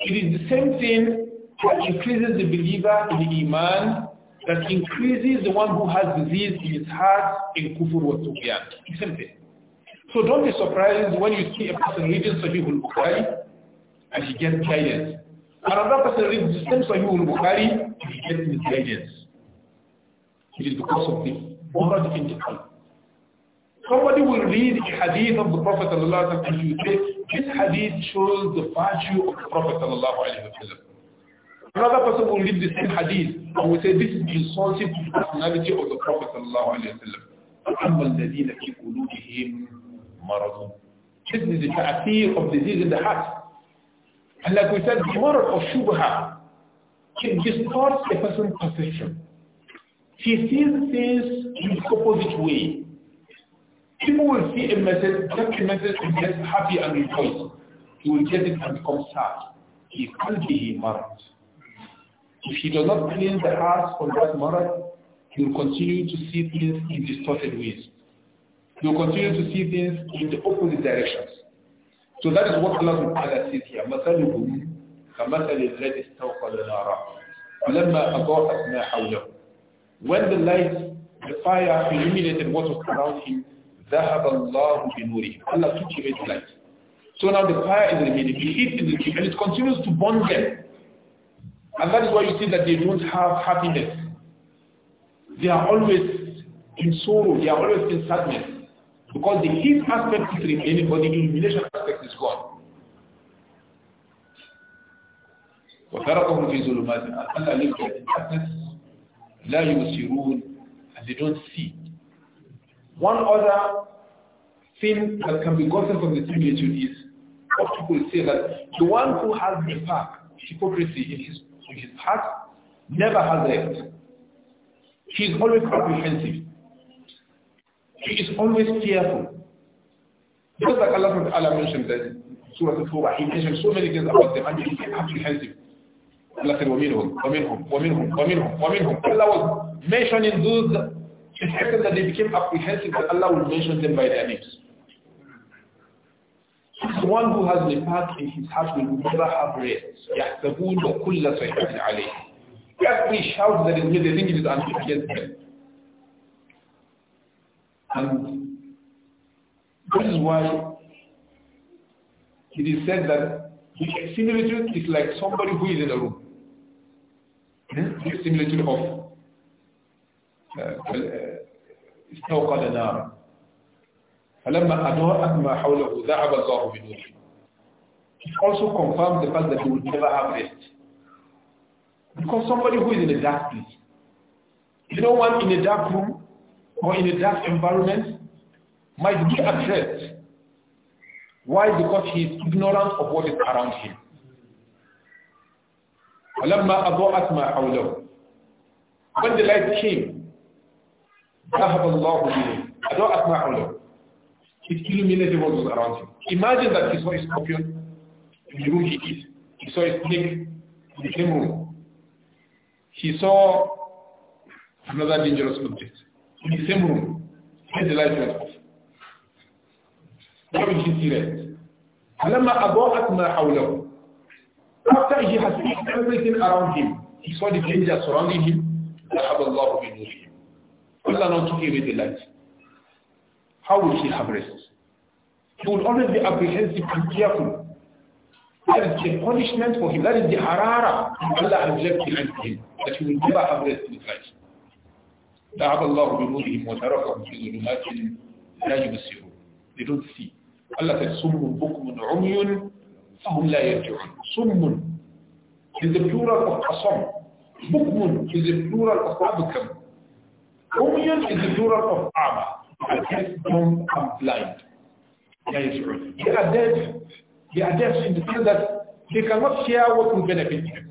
It is the same thing that increases the believer in the Iman, that increases the one who has disease in his heart in kufur wa tuqyan. Same thing. So don't be surprised when you see a person reading Sahih al-Bukhari and he gets guidance. Another person reads the same Sahih al-Bukhari and he gets misguidance. It is because of the Murad Intikal. Somebody will read a hadith of the Prophet ﷺ and he will say, this hadith shows the virtue of the Prophet ﷺ. Another person will read the same hadith and will say, this is insulting to the personality of the Prophet ﷺ. This is the ta'athir of disease in the heart. And like we said, the or of Shubha, it distorts a person's perception. He sees things in the opposite way. People will see a message, get a message and get happy and rejoice. He will get it and become sad. He can be married. If he does not clean the heart from that moral, he will continue to see things in distorted ways. He will continue to see things in the opposite directions. So that is what Allah Ta'ala says here. مثلهم كمثل الذي استوقد نارا فلما أضاءت ما حوله. When the light, the fire illuminated what was around him, ذهب الله بنوره. Allah took away the light. So now the fire is remaining, the heat is remaining, and it continues to burn them. And that is why you see that they don't have happiness. They are always in sorrow, they are always in sadness. Because the heat aspect is remaining, but the illumination aspect is gone. وتركهم في ظلمات لا and they don't see. One other thing that can be gotten from the similitude is what people say that the one who has the nifaq, hypocrisy in his, in his heart, never has left. He is always apprehensive. He is always careful. Just like Allah Ta'ala mentioned that Surah Al-Furah, he mentioned so many things about them and he became apprehensive. Allah said, وَمِنْهُمْ وَمِنْهُمْ وَمِنْهُمْ وَمِنْهُمْ وَمِنْهُمْ Allah was mentioning those expected that they became apprehensive that Allah would mention them by their names. The one who has the path in his heart will never have rest. يَحْسَبُونَ كُلَّ صَيْحَةٍ عَلَيْهِ Every shout that is made, they think it is against them. And this is why it is said that the similitude is like somebody who is in a room. Hmm? The similitude of uh, نارا فلما ما حوله ذهب الله بنوره It also confirms the fact that you will never have rest. Because somebody who is in a dark place, you know one in a dark room, or in a dark environment might be addressed. Why? Because he is ignorant of what is around him. When the light came, it illuminated what was around him. Imagine that he saw his scorpion in the room he is. He saw his snake in the same room. He saw another dangerous object in the same room. Here's the light went off. Why will she see that? فلما أضاءت ما حوله After he has seen everything around him, he saw the danger surrounding him. ذهب الله بنورهم. Allah not took away the light. How will he have rest? He will always be apprehensive and careful. That is the punishment for him. That is the harara Allah has left behind him. That he will never have rest in his life. ذهب الله بنورهم وتركهم في ظلمات لا يبصرون they don't see Allah says صم بكم عمي فهم لا يرجعون صم is the plural of أصم بكم is the plural of أبكم عمي is the plural of أعمى and hence dumb and blind لا يرجعون they are they are deaf in the sense that they cannot share what will benefit them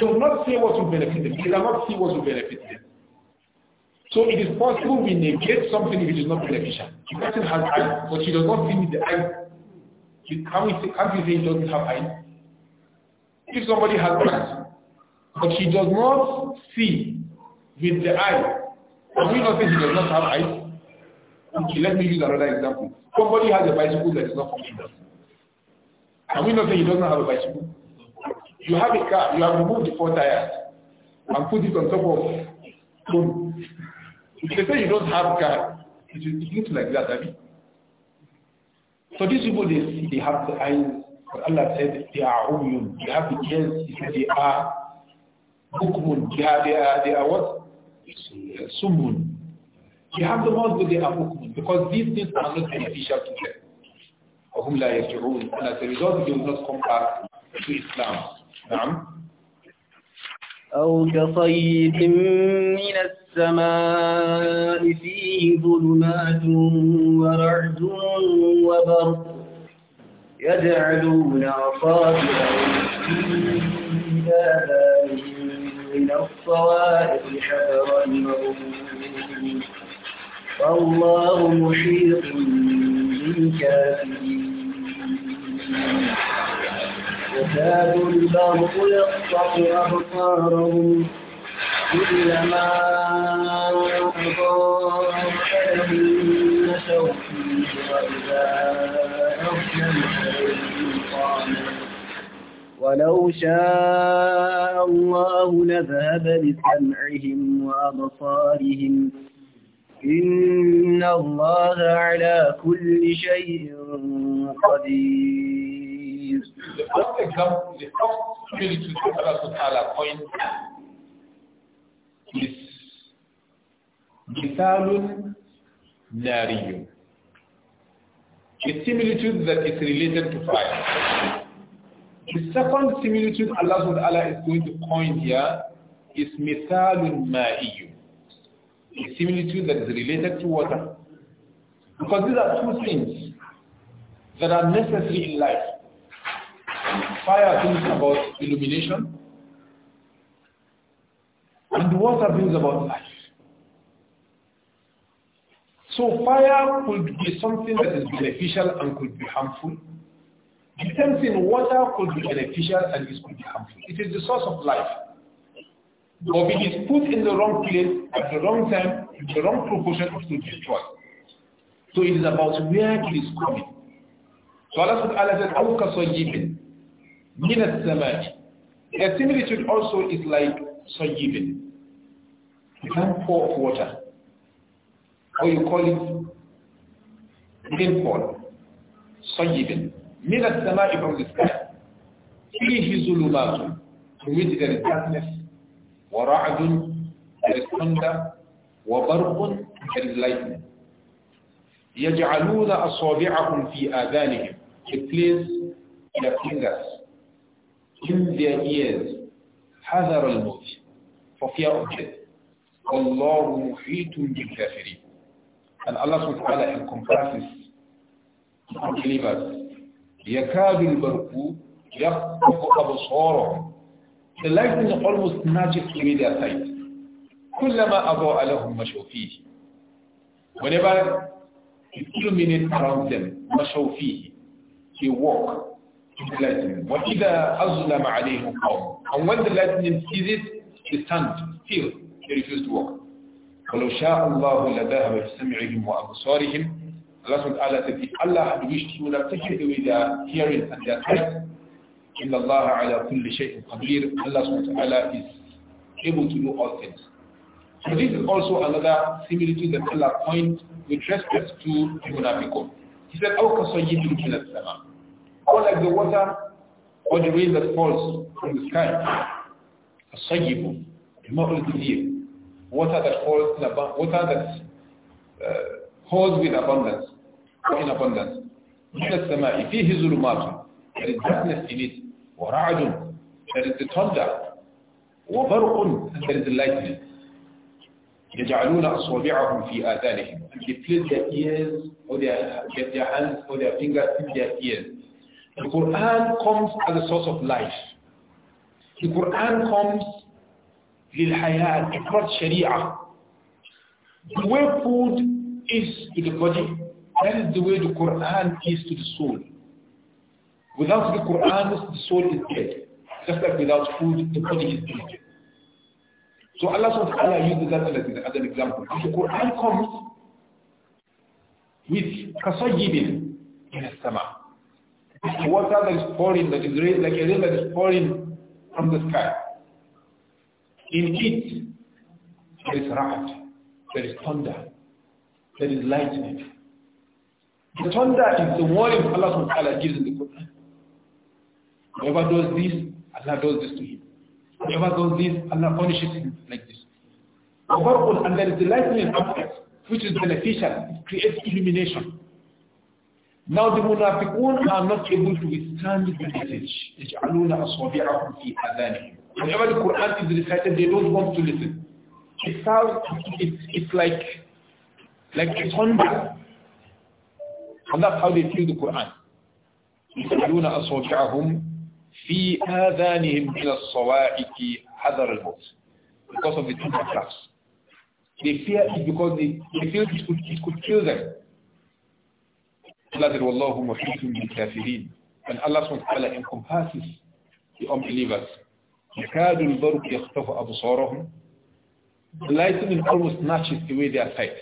they will not say what will benefit them they cannot see what will benefit them so it is possible we negate something if it is not beneficial. The person has eyes, but she does not see with the eye. Can we say, can't we say he doesn't have eyes? If somebody has eyes, but she does not see with the eye, can we not say he does not have eyes? Okay, let me use another example. Somebody has a bicycle that is not functional. Can we not say he doesn't have a bicycle? You have a car, you have removed the four tires and put it on top of stone. If they say you don't have car, it, looks like that, I So these people, they, they have the eyes. Allah said they are umyun. They have the ears. He said they are bukmun. They are, they are, they are what? Sumun. They have the mouth, but they are bukmun. Because these things are not beneficial to them. وهم لا يرجعون and as a result they will not come back to Islam نعم أو كصيد من السماء فيه ظلمات ورعد وبرق يجعلون أصابعهم في آذانهم من الصواعق حذر الموت والله محيط بالكافرين يكاد الله يقطع أبصارهم كلما أضاء لهم نشوا فيه وإذا أظلم عليهم ولو شاء الله لذهب بسمعهم وأبصارهم إن الله على كل شيء قدير is the first example, the first spiritual that Allah subhanahu points is Mithalun Nariyun. A similitude that is related to fire. The second similitude Allah subhanahu is going to point here is Mithalun Ma'iyun. A similitude that is related to water. Because these are two things that are necessary in life. Fire brings about illumination. And water brings about life. So fire could be something that is beneficial and could be harmful. The same thing, water could be beneficial and it could be harmful. It is the source of life. But if it is put in the wrong place at the wrong time, in the wrong proportion, it will destroy. So it is about where it is coming. So Allah subhanahu wa ta'ala said, min as-samai. A similitude also is like sajibin, You can pour of water. Or you call it rainfall. Sayyibin. Min as-samai from the sky. فيه ظلمات in which there is darkness, ورعد, there is thunder, وبرق, there is lightning. يجعلون أصابعهم في آذانهم. They place their fingers in their ears حذر الموت for fear of death والله محيط بالكافرين and Allah subhanahu wa ta'ala encompasses believers يكاد البرق يخطف أبصارهم the lightning almost snatches away their sight كلما أضاء لهم مشوا فيه whenever it illuminates around them مشوا فيه they walk the lightning. And when the lightning sees it, he stands still. He refuses to walk. وَلَوْ شَاءَ اللَّهُ لَذَهَبَ بِسَمْعِهِمْ وَأَبْصَارِهِمْ Allah subhanahu wa ta'ala said, if Allah had wished, He would have taken away their hearing and their sight. إِنَّ اللَّهَ عَلَى كُلِّ شَيْءٍ قَدِيرٌ Allah subhanahu wa ta'ala is able to do all things. So this is also another similitude that Allah points with respect to the Munafiqun. He said, أَوْ كَصَيِّبٍ مِنَ السَّمَاءِ or like the water or the rain that falls from the sky. الصيب الماء الكثير water that falls in abundance, water that uh, falls with abundance or in abundance. من السماء فيه ظلمات there is darkness in it ورعد there is the thunder وبرق and there is the lightning يجعلون أصابعهم في آذانهم and they place their ears or their, their hands or their fingers in their ears the Quran comes as a source of life. The Quran comes lil hayat, across Sharia. The way food is to the body, that is the way the Quran is to the soul. Without the Quran, the soul is dead. Just like without food, the body is dead. So Allah subhanahu wa ta'ala uses that as an example. If the Quran comes with kasayibin in the sama. The water that is falling, that is rain, like a rain that is falling from the sky. In it, there is there is thunder, there is lightning. The thunder is the warning Allah subhanahu gives in the Quran. Whoever does this, Allah does this to him. Whoever does this, Allah punishes him like this. And there is the lightning which is beneficial. It creates illumination. Now the munafiqun are not able to withstand the message. يَجْعَلُونَ أَصْوَبِعَهُمْ فِي أَذَانِهِمْ Whenever the Quran is recited, they don't want to listen. It sounds, it's, it's like, like a thunder. And that's how they feel the Quran. يَجْعَلُونَ أَصْوَبِعَهُمْ فِي آذَانِهِمْ مِنَ الصَّوَاعِكِ حَذَرَ الْمَوْتِ Because of the two claps. They fear it because they, they feel it could, it could kill them. Allah said, Wallahu muhitum bil kafirin. And Allah subhanahu wa SWT encompasses the unbelievers. يَكَادُ الْبَرْقُ يَخْتَفُ أَبْصَارَهُم The lightning almost snatches away their sight.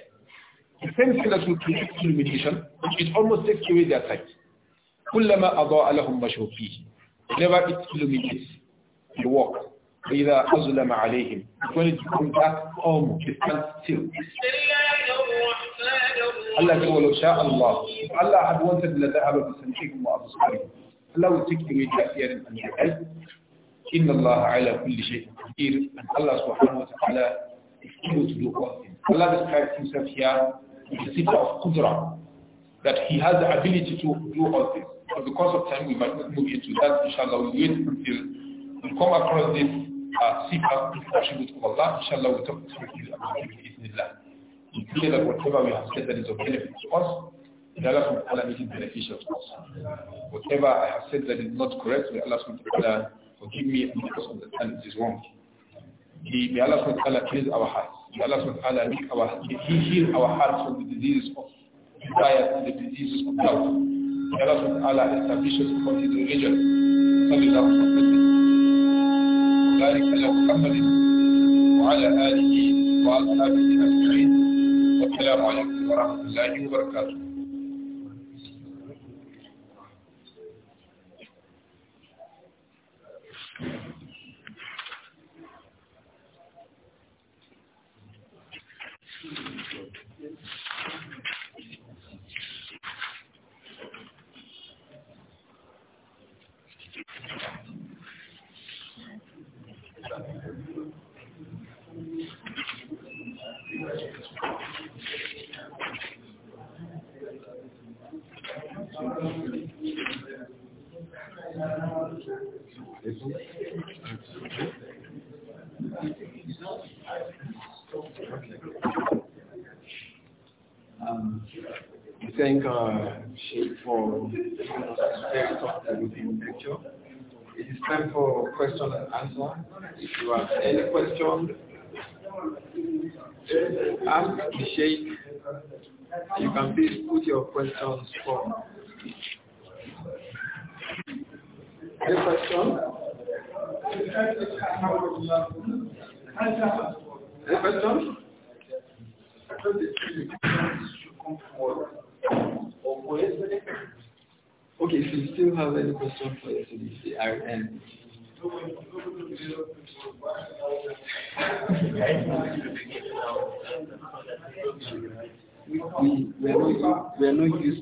The same thing that will create illumination, it almost takes away their sight. كُلَّمَا أَضَاءَ لَهُمْ مَشْهُ فِيهِ Whenever it illuminates, they walk. فَإِذَا أَظْلَمَ عَلَيْهِمْ When it becomes dark, almost, they stand still. Allah ce شاء الله Allah Allah وانت wanted la dhahaba bi sam'ihim wa absarihim Allah will take away their hearing and their eyes inna Allah ala kulli shay'in qadir and Allah subhanahu wa ta'ala is able to do describes himself here with the sifa of qudra that he has the ability to do all things But because of time we might not move into that inshallah we'll wait until we come across this uh, sifa attribute of Allah inshallah we'll talk to you about it in Allah We pray that whatever we have said that is of benefit to us, may Allah subhanahu wa ta'ala make it beneficial to us. Whatever I have said that is not correct, may Allah subhanahu wa ta'ala forgive me and make us understand it is wrong. May Allah subhanahu wa ta'ala cleanse our hearts. May Allah subhanahu wa ta'ala make our, he heal our hearts from the diseases of desire and the diseases of doubt. May Allah subhanahu wa ta'ala establish us upon his religion. صلى الله وعلى آله وأصحابه أجمعين Assalamualaikum warahmatullahi wabarakatuh. thank uh, Sheikh for very comprehensive lecture. It is time for question and answer. If you have any question, ask the Sheikh. You can please put your questions for. Any question? Any question? Okay, if you still have any question for us in the RN. We, um, we, we, are not, we are not used